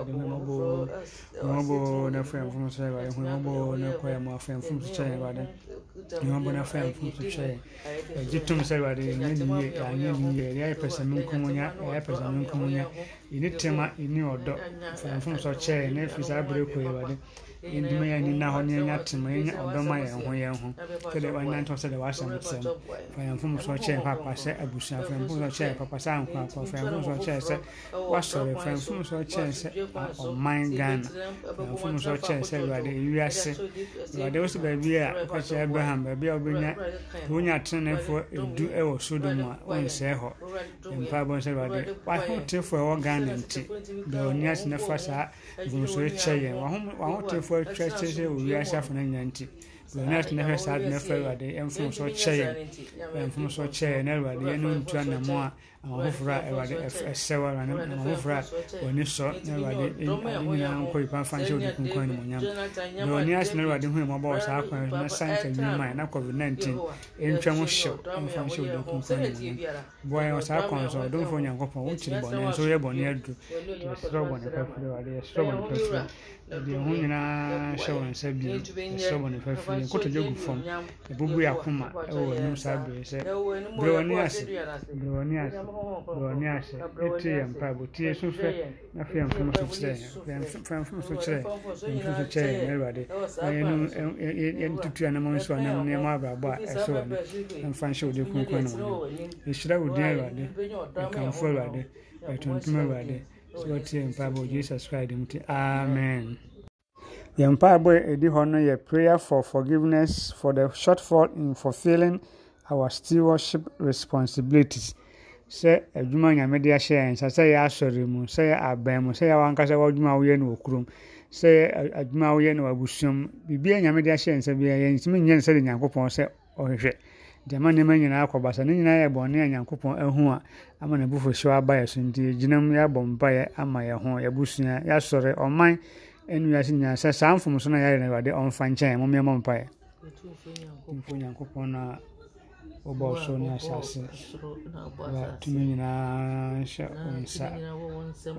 adimwe mobo mobo na fwe mfumu sade wa adimwe mobo na kwa ya mwafwe mfumu sade wa adimwe mobo na fwe mfumu sade wa jitum sade wa adimwe niye ya niye niye ya ipesa mkumunya ya ipesa mkumunya ini tema ini odo fwe mfumu sade wa adimwe ni fisa abriko ya adimwe yɛndwuma yɛ ani na hɔ ne yɛnya tem yɛnya ɔdɔma yɛn ho yɛn ho sɛdeɛ wanyantɔ sɛdeɛ wahyɛm sɛm fa yɛmfom so kyɛɛ papa sɛ abusua fa yɛmfom so kyɛɛ papa sɛ ankoakɔ fa yɛmfom so kyɛɛ sɛ wasɔre fa yɛmfom so kyɛɛ sɛ ɔman ghana fa yɛmfom so kyɛɛ sɛ awurade ewiase awurade wosi baabi a wokɔkyerɛ abraham baabi a wobɛnya wonya tenefoɔ edu ɛwɔ sodom a wɔnsɛe hɔ yɛmpa bɔ sɛ awurade wahotefoɔ ɛwɔ ghana nti deɛ ɔni atenɛ saa nso kyerɛ yɛn wahotefo atwa kyerɛ owiase afana nyina nti bɛnat na hwɛ saa de na fa awurade ɛmfom so kyɛ yɛn ɛmfom so kyɛ yɛn na awurade yɛne ntu anammɔ a ahofra awurade ɛsɛw awurade ahofra wɔne sɔ na awurade nyinaa nkɔ yipa mfa nhyɛ odi kunkun ne monyam na wɔne ase na hu mmɔbɔ wɔ saa kwan na science adwuma na covid nineteen ntwa mu hyew mfa nhyɛ odi kunkun ne monyam boaeɛ wɔ saa kwan so ɔdomfo onyankopɔn wokyiri bɔne nso yɛ bɔne aduru yɛsorɔ bɔne pɛfiri awurade yɛsorɔ bɔne pɛfiri ɛde ho nyinaa hyɛ wɔn nsa bio ɛsɛ wɔn nifa firi nkotodwe gu fam ɛbubu akoma ɛwɔ anim saa bere sɛ brewani ase brewani ase brewani ase ɛte yɛn mpa bo tie fɛ na fɛ yɛn fom so kyerɛ yɛn fɛn fom so kyerɛ yɛn fom so kyerɛ yɛn ɛwurade yɛn yɛn tutu anam nso anam nneɛma abrabɔ a ɛsɛ wɔn mfa nhyɛ wɔde kunkun na wɔn yɛhyira wɔ din ɛwurade ɛkamfo ɛwurade ɛtuntum ɛwurade wɔtie mpaebɔ jesus christ mu ti amen yɛn mpaebɔ ɛdi hɔ no yɛ prayer for forgiveness for the shortfall in fulfilling our stewardship responsibilities sɛ adwuma nyame de ahyɛ yɛn nsa ah, sɛ yɛ asɔre ah, mu sɛ yɛ abɛn ah, mu sɛ yɛ wankasa wɔadwuma woyɛ no wɔ kurom sɛ adwuma woyɛ no wɔ abusua mu biribia nyame de ahyɛ yɛn nsa biara yɛntumi nyɛ no sɛde nyankopɔn sɛ ɔhwehwɛ gyama nneɛma nyinaa akɔ basa ne nyinaa yɛ bɔne a nyankopɔn ahu a ama ne abufuhyew aba yɛ so nti yɛgyinam yɛabɔ mpaeɛ ama yɛ ho yɛabusua yɛasɔre ɔman anuase nyinaa sɛ saa mfomso no a yɛayɛ no awurade ɔmfa nkyɛn mommeɛmɔ mpaeɛ nyankopɔn a ɔbɔ ɔsoro ne asase ba tumi nyinaa hyɛ wo nsa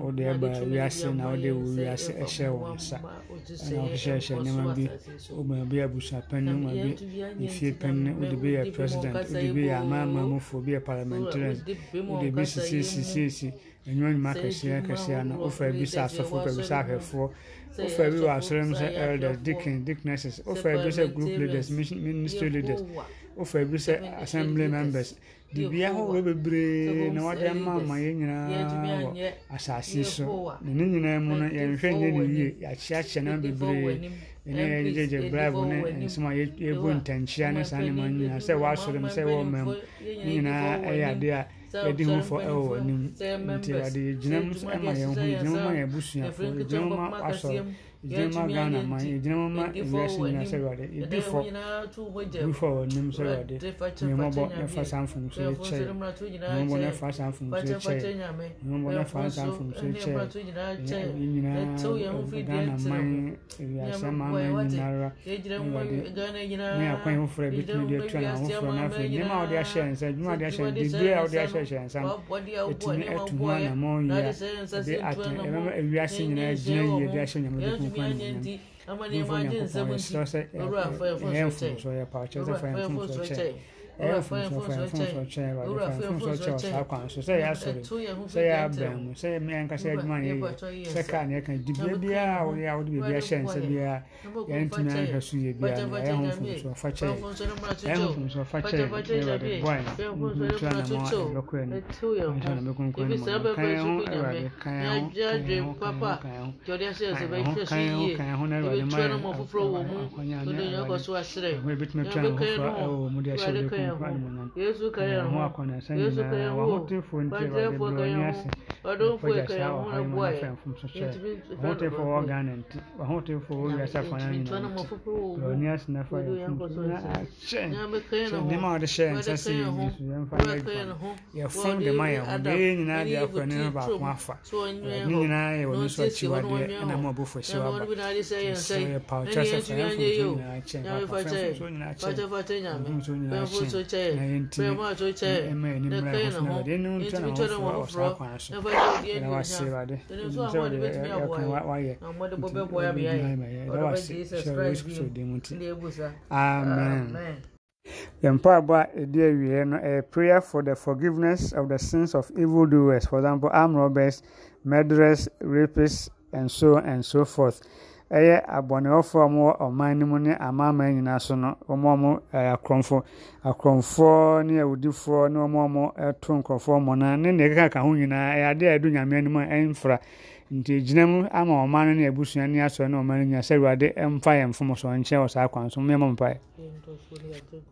wode ɛba wiase na wode wo wiase ɛhyɛ wo nsa ɛna wohyehyɛhyɛ nneɛma bi woma bi abusuapɛn ne woma bi efie pɛn ne wode bi yɛ president wode bi yɛ amaamamufoɔ bi yɛ parliamentarian wode bi sisiesisiesi ɛnwuma nnwuma kɛseɛ kɛseɛ no wofa bi sɛ asɔfoɔ pɛ bi sɛ ahwɛfoɔ wofa bi wɔ asɔre mu sɛ elders deacons deaconesses wofa bi sɛ group leaders ministry leaders wofa bi sɛ assembly members dibea ahoroɔ bebree na wɔde ama ama yɛn nyinaa wɔ asase so na ne nyinaa mu no yɛnhwɛ nyɛ ne yie yɛakyeakyea no bebree ɛne yɛgyegye bribe ne nsɛm a yɛbu ntɛnkyea ne saa nneɛma nyinaa sɛ wɔasorem sɛ wɔma mu ne nyinaa ɛyɛ adeɛ a yɛde ho fɔ ɛwɔ anim nti awurade yɛgyina mu ma yɛn ho yɛgyina mu ma yɛn abusuafoɔ yɛgyina mu ma asɔre gyinamagha na man gyinamama wiase nyinaa sɛ awurade ebifɔ ebifɔ wɔ anim sɛ awurade nyɛmɔbɔ nafa saa mfomso yi kyɛ nyɛmɔbɔ nafa saa mfomso yi kyɛ nyɛmɔbɔ nafa saa mfomso yi kyɛ nyinaa ghana man wiase amama nyinara awurade ne akwan foforɔ a ebitumi de atua na ahoforɔ na afei nneɛma a wɔde ahyɛ nsa dwuma a wɔde ahyɛ bebree a wɔde ahyɛ hyɛ nsa no etumi ɛtu ho anammɔn yie a de atɛn ɛmɛma wiase nyinaa gyina yie de ahyɛ nyɛmɔbɔ kwan mu mu nfa ne nfa ne nfa nso yɛ pa kyerɛ sɛ fa nfun so kyɛ ɛyɛmfomsoɔkyɛwsɛsaa kwan so sɛ yɛ asɔre sɛ yɛ abrɛ mu sɛ meankasa adwuma ne yɛyɛ sɛ ka ne ɛka dibia biara a woyɛ a wode biribi ahyɛ nsɛ biara yɛntumi anhwɛ so yɛ biara na ɛyɛ ho mfomsoɔ fa kyɛ ɛyɛ ho mfomsoɔ fa kyɛ ɛwɛde bɔe ntura na ma ɛbɛkɔɛ no ntura na mɛkonkɔn no mu kan ho ɛwɛde kan ho kan ho kan ho kan ho kan ho kan ho na ɛwɛde ma yɛ ɔnyɛ ame ɛwɛde ɛho ebitumi tura na foforɔ ɛwɔ mu de ahyɛ obɛkum incredible yesu kɛyɛ ho yesu kɛyɛ ho bɔnkyerɛfoɔ kɛyɛ ho ɔdomfoɔ kɛyɛ ho na bua yɛ ntumi ahotefoɔ wɔ ghana nti ahotefoɔ wɔ wiase fana nyinaa nti buroni ase na fa yɛ funfun na ahyɛn hyɛ nneɛma a wɔde hyɛ nsa se yɛ yi so yɛn fa yɛ fa yɛ fun de ma yɛ ho deɛ nyinaa de akɔ ne no baako afa ne nyinaa yɛ wɔn nso akyi wadeɛ ɛna mu abofo akyi waba sɛ yɛ pa ɔkyɛ sɛ fa yɛ funfun nyinaa akyɛn pa fa funfun nyinaa akyɛn pa fa funfun nyinaa akyɛn na yɛ nti The mpaboa idea awie no a prayer for the forgiveness of the sins of evildoers, for example, armed robbers, murderers, rapists, and so on and so forth. ɛyɛ abɔneɔfoɔ a wɔwɔ ɔman no mu ne amanaman nyinaa so no wɔn a wɔyɛ akorɔmfo akorɔmfoɔ ne awudifoɔ ne wɔn a wɔto nkurɔfoɔ na ne nea ɛkeka ka ho nyinaa ɛyɛ adeɛ a ɛdo nyame anim a ɛmfra nti gyina mu ama ɔman no ne abusua ne asɔre ne ɔman no nyinaa sɛ awurade mfa yɛn mfom so nkyɛn wɔ saa kwan so mmɛma mpae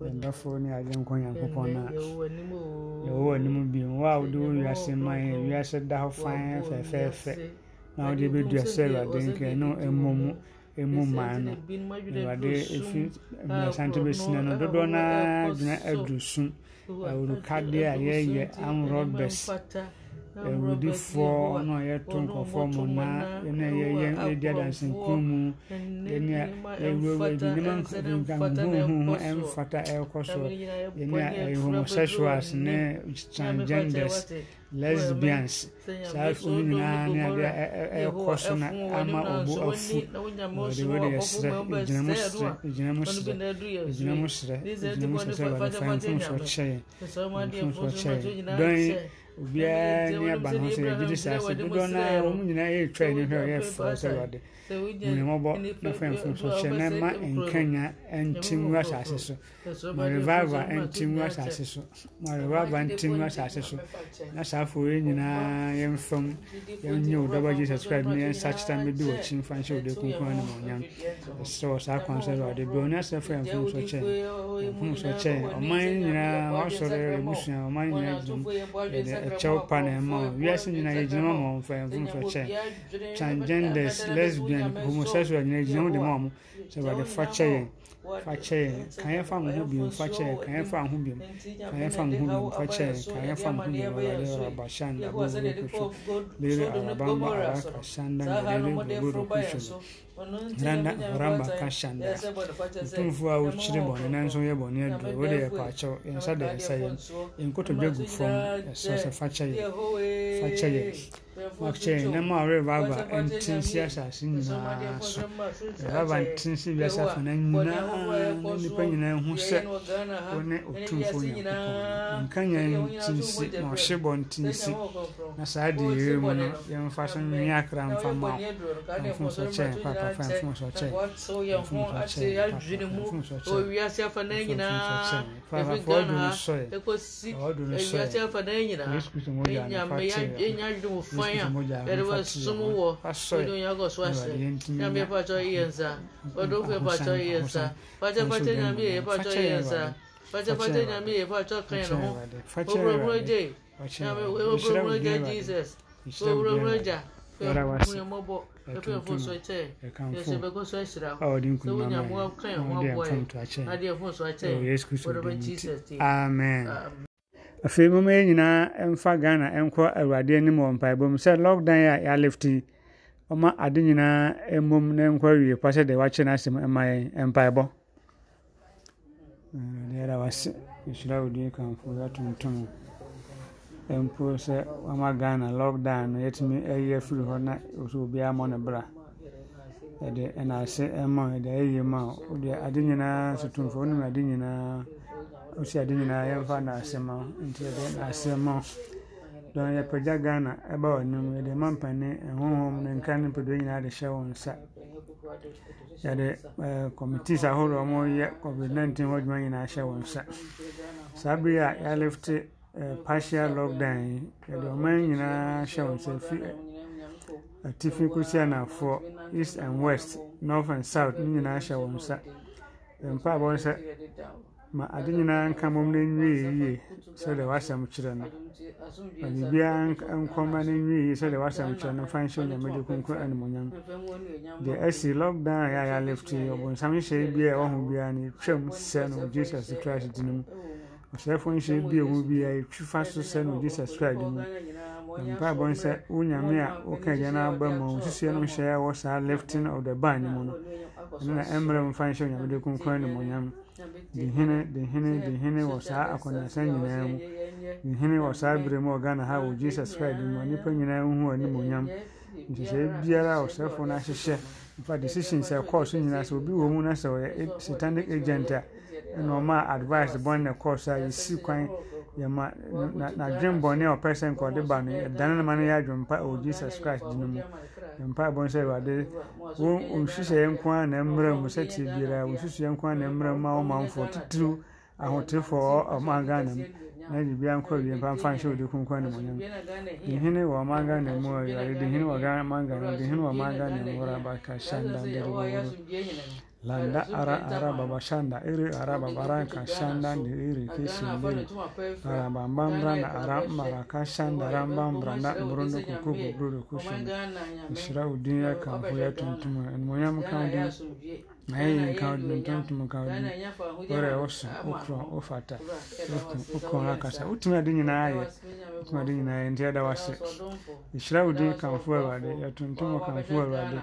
ɛndɔfoɔ ne agyenkɔ nyankopɔn no na yɛwɔ anim bi. wo a wode wo wiase ma yɛ wiase da hɔ fan fɛfɛɛfɛ na wɔde bɛdua sɛ awurade nka ɛno ɛmmɔ mu ɛmu maa no awurade ɛfi mmerɛsante na no dodoɔ no ara gyina adusu awurukadeɛ a yɛyɛ amrobes awudifoɔ ɔno a yɛto nkɔfoɔ mu na ɛne yɛyɛ yɛdi adansenkuro mu yɛne a yɛwurawura bi nneɛma nkanhuhuhu ɛmfata ɛrekɔ so yɛne a ɛyɛ homosexuals eh, ne transgenders lesbians saa wɔn nyinaa ne adeɛ ɛɛkɔ so na ama ɔbo afu wɔde wɔde ɛsrɛ egyina mu srɛ egyina mu srɛ egyina mu srɛ egyina srɛ sɛ wɔde fa nfum so ɔkyɛ yɛn nfum so ɔkyɛ yɛn dɔn obiara ne aba ho so yɛgye di dodoɔ naa wɔn nyinaa yɛ etwa yɛn fɛ sɛ wɔde mmemmɔbɔ ne mfɛmfɛmso hyɛ ne ma nkanya nti ngu asase so ma revival nti ngu asase so ma revival nti ngu asase so na saa afɔre nyinaa yɛmfam yɛnyɛ odɔba jesus christ ne yɛnsakyeta mmɛdi wɔ akyi mfa nhyɛ ode kunkun ne mɔnyam ɛsɛ wɔ saa kwan sɛ awurade bi ɔne asɛ fɛ mfomso kyɛn mfomso kyɛn ɔman nyinaa wasɔre abusua ɔman nyinaa gyinam yɛde ɛkyɛw pa na ɛma wɔ wiase nyinaa yɛgyinam ma wɔmfa mfomso kyɛn transgenders lesbian nyinaa no homosexual nyinaa gyina ho de ma ɔmo sɛ wɔde fa kyɛ yɛn fa kyɛ yɛn kan yɛn fa ho ho biem fa kyɛ yɛn kan yɛn fa ho biem kan yɛn fa ho biem fa kyɛ yɛn kan yɛn fa ho biem wɔde aba hyɛn da bɔ wɔde koso lere araba mba ara ka hyɛn da lere bɔ wɔde koso randa ramba kashanda mutumfu a wukyire bɔne nanso yɛ bɔne aduro wode yɛkɔ akyɛw yɛnsa da yɛsa yɛn yɛnkotɔ dwa gu fam yɛsɛ sɛ fa kyɛ yɛ eh. fa kyɛ yɛ makyɛ yɛ nnɛma a wɔreba aba nte nsi asase nyinaa so yɛbaba nte nsi wiase afana nyinaa na nnipa nyinaa hu sɛ wo ne ɔtumfo nyankopɔn nka nya nte nsi na ɔhye bɔ nte nsi na saa deɛ yɛwɛ mu no yɛmfa so nwe akra mfa ma wo yɛmfo so kyɛ yɛn papa kyɛ wo yɛ ho ate adwene mu owiase afanan nyinaa ɛfi ghana ha ɛkɔsi awiase afanan nyinaa ɛnyame yɛnya adwene mu fan a yɛde wɔ som wɔ wode onya kɔ so ahyɛ nyame yɛpatɔ yɛ nsa ɔdɔfo yɛpatɔ yɛ nsa pakyɛpakyɛ nyame yɛpatɔ yɛ nsa pakyɛpakyɛ nyame yɛpatɔ kan no ho obrɔbrɔ gye nyame obrɔbrɔ gye jesus obrɔbrɔ gya fɛ mu yɛ mɔbɔ afei moma yɛ nyinaa mfa ghana ɛnkɔ awurade anim wɔ mpaebɔ mu sɛ lockdown a yɛalefti ɔma ade nyinaa mmom na ɛnkɔ awie pa sɛ deɛ wakyerɛ no asɛm ɛma yɛn mpaebɔ deɛ da wase ɛhyira wo din kamfo yɛatontom mpo sɛ ama ghana lockdown no yɛtumi ayi afiri hɔ na ɔsɛ obiara mmɔ ne bra yɛde ɛna ase ɛma yɛde ayɛyɛ eh, ma wode ade nyinaa so tomfo wonim ade nyinaa wosi ade nyinaa yɛmfa na ase ma nti yɛde na ase ma dɔn yɛpagya ghana ɛba eh, w'anim yɛde ma mpane ɛhohom ne nkra eh, ne mpɛdoɔ nyinaa de hyɛ wo nsa yɛde committees ahodoɔ mo yɛ covid-19 hɔ adwuma nyinaa hyɛ wo nsa saa bere a yɛalefte partial lockdown yi yɛde ɔman nyinaa hyɛ wɔn nsa fi atifi kɔsi anafoɔ east and west north and south ne nyinaa hyɛ wɔn nsa mpaabɔ nsa ma ade nyinaa nka mom no nwie yie sɛdeɛ wasɛm kyerɛ no ma biribiara nkɔma no nwie yie sɛdeɛ wasɛm kyerɛ no mfa nhyɛ nyamede konko animonyam deɛ asi lockdown a yɛayɛ lifte ɔbonsam hyɛ biara ɛwɔ ho biara no yɛtwam sɛ no jesus christ di mu ɔsɛfo nhyɛ bi mu bi a ɛtwifa so sɛ no jesus christ mu mpaabɔ sɛ wo nyame a woka agya no aba ma nsusuɛ no hyɛ a wɔ saa lifting of the ban no mu no ɛno na ɛmmerɛ mfa nhyɛ onyamede konkran nomonyam de hene de hene de hene wɔ saa akɔneasa nyinaa mu de hene wɔ saa berɛ mu ɔghana ha wɔ jesus christ mu nnipa nyinaa wohu animonyam nhyehyɛe biara a ɔsɛfo no ahyehyɛ mfa decisions ɛkɔɔ so nyinaa sɛ obi wɔ mu na sɛ ɔyɛ satanic agent a Uh, na ɔma advice bɔn na kɔɔ so a yɛsi kwan yɛma na dwen bɔne a ɔpɛ sɛ nka ɔde ba no yɛdane no ma no yɛ adwen pa ɛwɔ oh, jesus christ din mu yɛmpa ɛbɔ sɛ awurade wo nhyehyɛeɛ nko oh, a na mmerɛ mu sɛtie biara wo nhyehyɛeɛ nko a na mmerɛ mu ma wo manfoɔ titiriw ahotefoɔ ɔman ghana mu na biribiara nkɔ awie mpa mfa nhyɛ odi konkɔn ne monyam de hene wɔ ɔman ghana mu awurade de hene wɔ ɔman ghana de hene wɔ ɔman ghana mu wɔrɛ landa eh, eh, ara eh, arababa shanda iri arababa ranka shanda ni iri kishi kishindiri araba mbambranda ara mara yaani ka shanda ara ra mbambranda mburundo kukubu brudo kushi nshira udinya kampu ya tuntumu mkaudi kaudi naye kaudi ntuntumu kaudi ore osa ukro ofata ukun ukon akata utumya dinyi naye utumya dinyi naye ndiya dawase nshira udinya kampu ya ya tuntumu kampu ya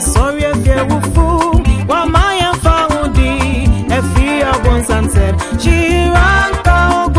Sorry, if what Masoria Fiewufu, Wamaya Faudi, Efia Bonsanse, Jiranka Ogu.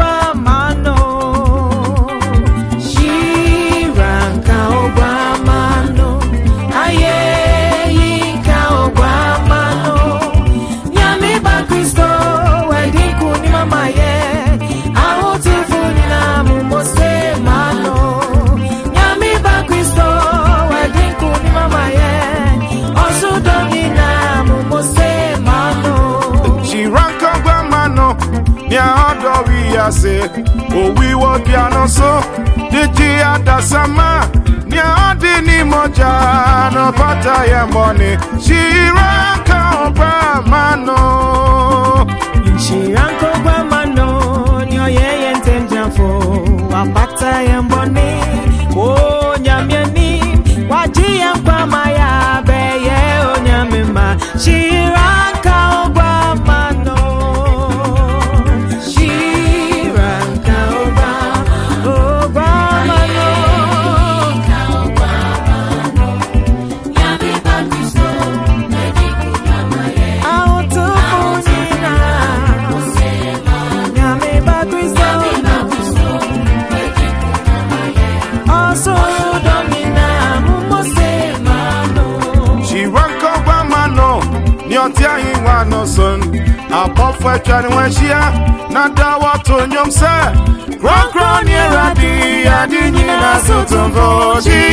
piano so Niji adasama Nya adi ni moja No pata ya mboni Shiranka obra no, Shiranka obra mano Nyo yeye ntemjafo Wapata ya mboni O nyamyeni Wajia mkwama ya Beye o nyamima Shiranka sozinho.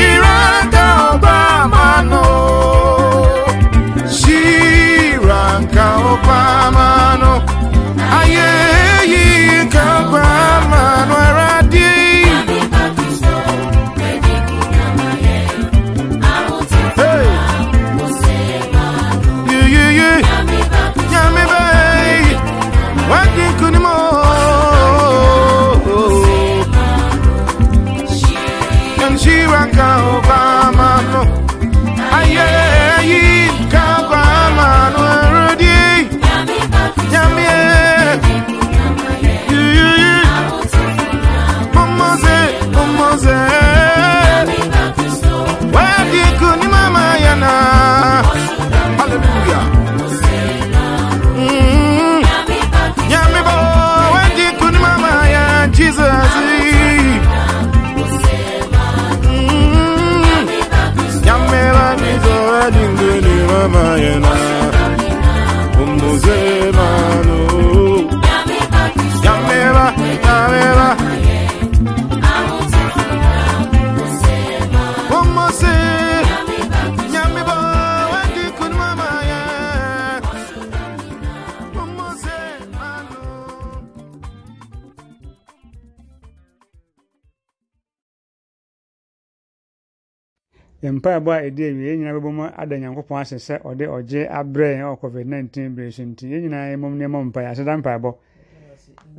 mpaebɔ a ɛdi awie yɛn nyinaa bɛbɔ mu ada nyankopɔn ase sɛ ɔde ɔgye abrɛ yɛn wɔ covid nineteen bere so nti yɛn nyinaa yɛ mɔm nneɛma mpaeɛ aseda mpaebɔ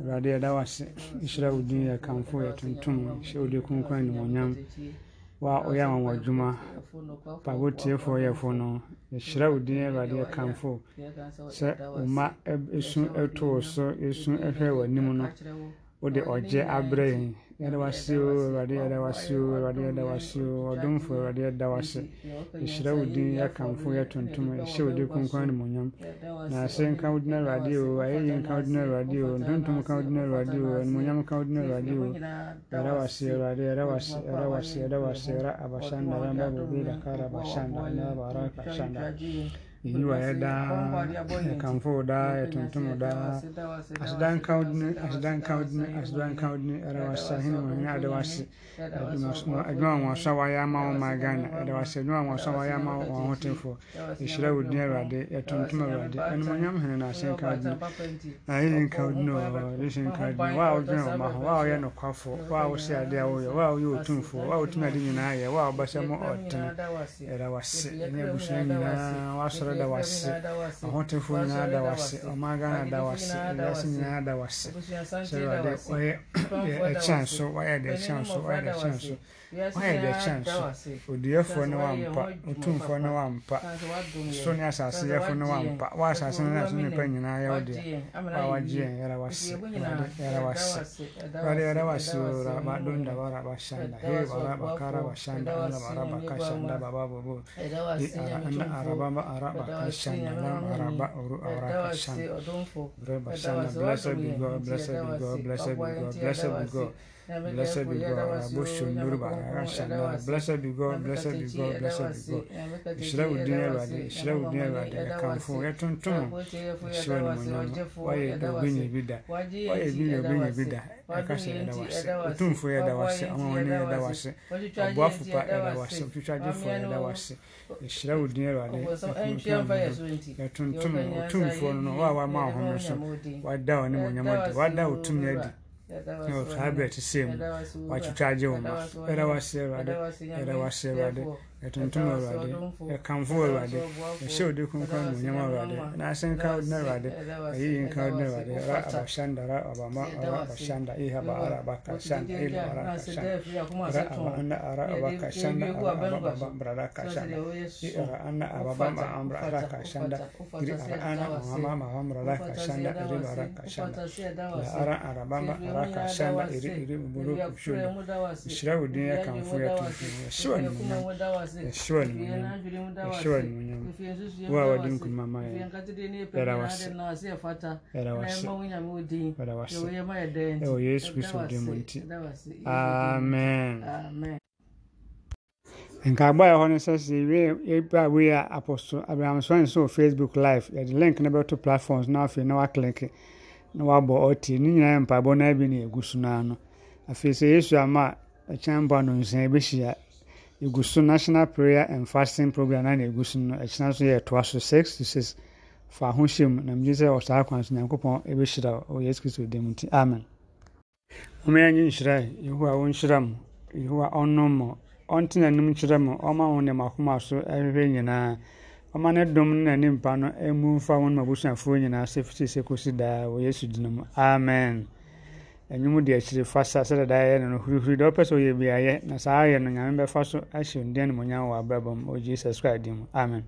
awurade yɛda wo ase nhyira wo din yɛkamfo yɛtontom hyɛ wode kronkran animonyam wa ɔyɛ awanwɔ adwuma mpaebɔ tiefoɔ yɛfo no yɛhyira wo din awurade yɛkamfo sɛ ɔma ɛsu ɛtoo so ɛsu ɛhwɛ wɔ anim no wode ɔgye abrɛ yɛn yɛdawase o awurade yɛdawase o awurade yɛdawase o ɔdomfo awurade yɛdawase yɛhyira wo din yɛakamfo yɛtontom yɛhyɛ wo din konkwan ne monyam na ase nka wo din awurade o ayɛyi nka wo din awurade o ntontom ka wo din awurade o animonyam ka wo din awurade o yɛdawase awurade yɛdawase yɛdawase yɛdawase ra abashanda ramba bobe dakara abashanda naba yiyi wa yɛ daa yɛkamfo wo daa yɛtontom wo daa aseda nka wo dini aseda nka wo dini aseda nka wo dini ɛda wasa hene wɔ hene ade wase adwuma wɔn asa wayɛ ama wɔn maa ghana ɛda wase adwuma wɔn asa wayɛ ama wɔn ahotefoɔ ehyira wo dini awurade yɛtontom awurade ɛnum onyam hene na ase nka wo dini ayɛyɛ nka wo dini wɔ yɛhyɛ nka wo dini wo a wodwene wɔn ma ho wo a woyɛ nokwafo wo a wosɛ ade a woyɛ wo a woyɛ otumfoɔ wo a wotumi ade n'adawase ahotefoɔ nyinaa adawase ɔmangan adawase ewiase nyinaa adawase sɛ ɔde ɔyɛ ɛkyɛn so ɔyɛ de ɛkyɛn so ɔyɛ de ɛkyɛn so wayɛ de kyɛn so odiɛfoɔ no wampa otumfoɔ no wampa so ne asaseyɛfo no wampa waasase no naso nipa nyinaa yɛ wodeɛ wa wagye yɛn yɛra wase yɛra wase wade yɛra wase ora badonda wara bashanda he wara bakara washanda ala bara bakashanda baba bobo ana araba ma araba kashanda na araba oru ara kashanda bre bashanda blessed be God blessed be God blessed be God blessed be God Blessed be God. Abosho Nuruba. Arashana. Blessed be God. Blessed be God. Blessed be God. Ìṣirẹ́ òdi ní ẹ̀rọ̀dẹ̀. Ìṣirẹ́ òdi ní ẹ̀rọ̀dẹ̀. Ẹ̀ka fún ẹ̀ tuntun. Ìṣirẹ́ ni mo yàn. Wáyé ògbìnyìn ibi dà. Wáyé ògbìnyìn ògbìnyìn ibi dà. Ẹ̀ka ṣe ẹ̀dá wa ṣe. Òtúnfò ẹ̀dá wa ṣe. Àwọn ọ̀nà ẹ̀dá wa ṣe. Ọ̀bọ̀ àfùpà ẹ̀dá wa ṣe. Òtútù àjẹfọ ẹ̀dá wa ṣe. Ìṣirẹ́ òdi ní ẹ̀rọ̀dẹ̀. Ẹ̀ tuntun. Òtúnfò ọ̀nà wà wà máa hàn mí sùn. Wà dá mo yàn mọ́ di. Wà dá òtún di. notwagati simu watutaje omwa era wasebade era wasebade yɛtontom awurade yɛkamfo awurade yɛhyɛ odi kronkron mu nyɛma awurade na asenka wo awurade ayiyi nka wo awurade ra abashanda ra abama ra abashanda ihaba ara abaka shanda ila ara kashanda ra abanda ara abaka shanda ara ababa brada kashanda ira anna ababa ma iri ara anna ma ara iri ara kashanda la ara ara iri iri bulu kushulu shira wo din yɛkamfo yɛtontom yɛhyɛ eshwani munyama a ɛhɔ no sɛ sɛ yɛba wei a apostle abraham so wɔ facebook live yɛde link no bɛto platforms na afei na wakleke na wabɔ ɔte ne nyinaa yɛ no abi ne yɛgu so no afei sɛ yesu ama a ɛkyɛn mpa no nsia bɛhyia ɛgu so national prayer and fasting program na ɛgu so no ɛkyena so yɛ ɛtoa so six to six fa ho hyɛ mu na megye sɛ ɔsaa kwan so nyankopɔn ɛbɛhyira wɔ yesu kristo dɛm nti amen ɔma yɛnye nhyira yehowa wonhyira mu yehowa ɔnom mu ɔnte n'anim nkyerɛ mu ɔma wo ne makoma so ɛhwehwɛ nyinaa ɔma ne dom no n'animpa no ɛmu mfa wo no mabusuafoɔ nyinaa sɛ fiti sɛ kɔsi daa wɔ yesu dino mu amen ɛnwom de akyiri fasa sɛ dada yɛ no no hurihuri dɛ wopɛ sɛ ɔyɛ biayɛ na saa yɛ no nyame bɛfa so ahyɛ ndeɛ nomonyam wɔ abrabɔ mu ɔ jesus christ din mu amen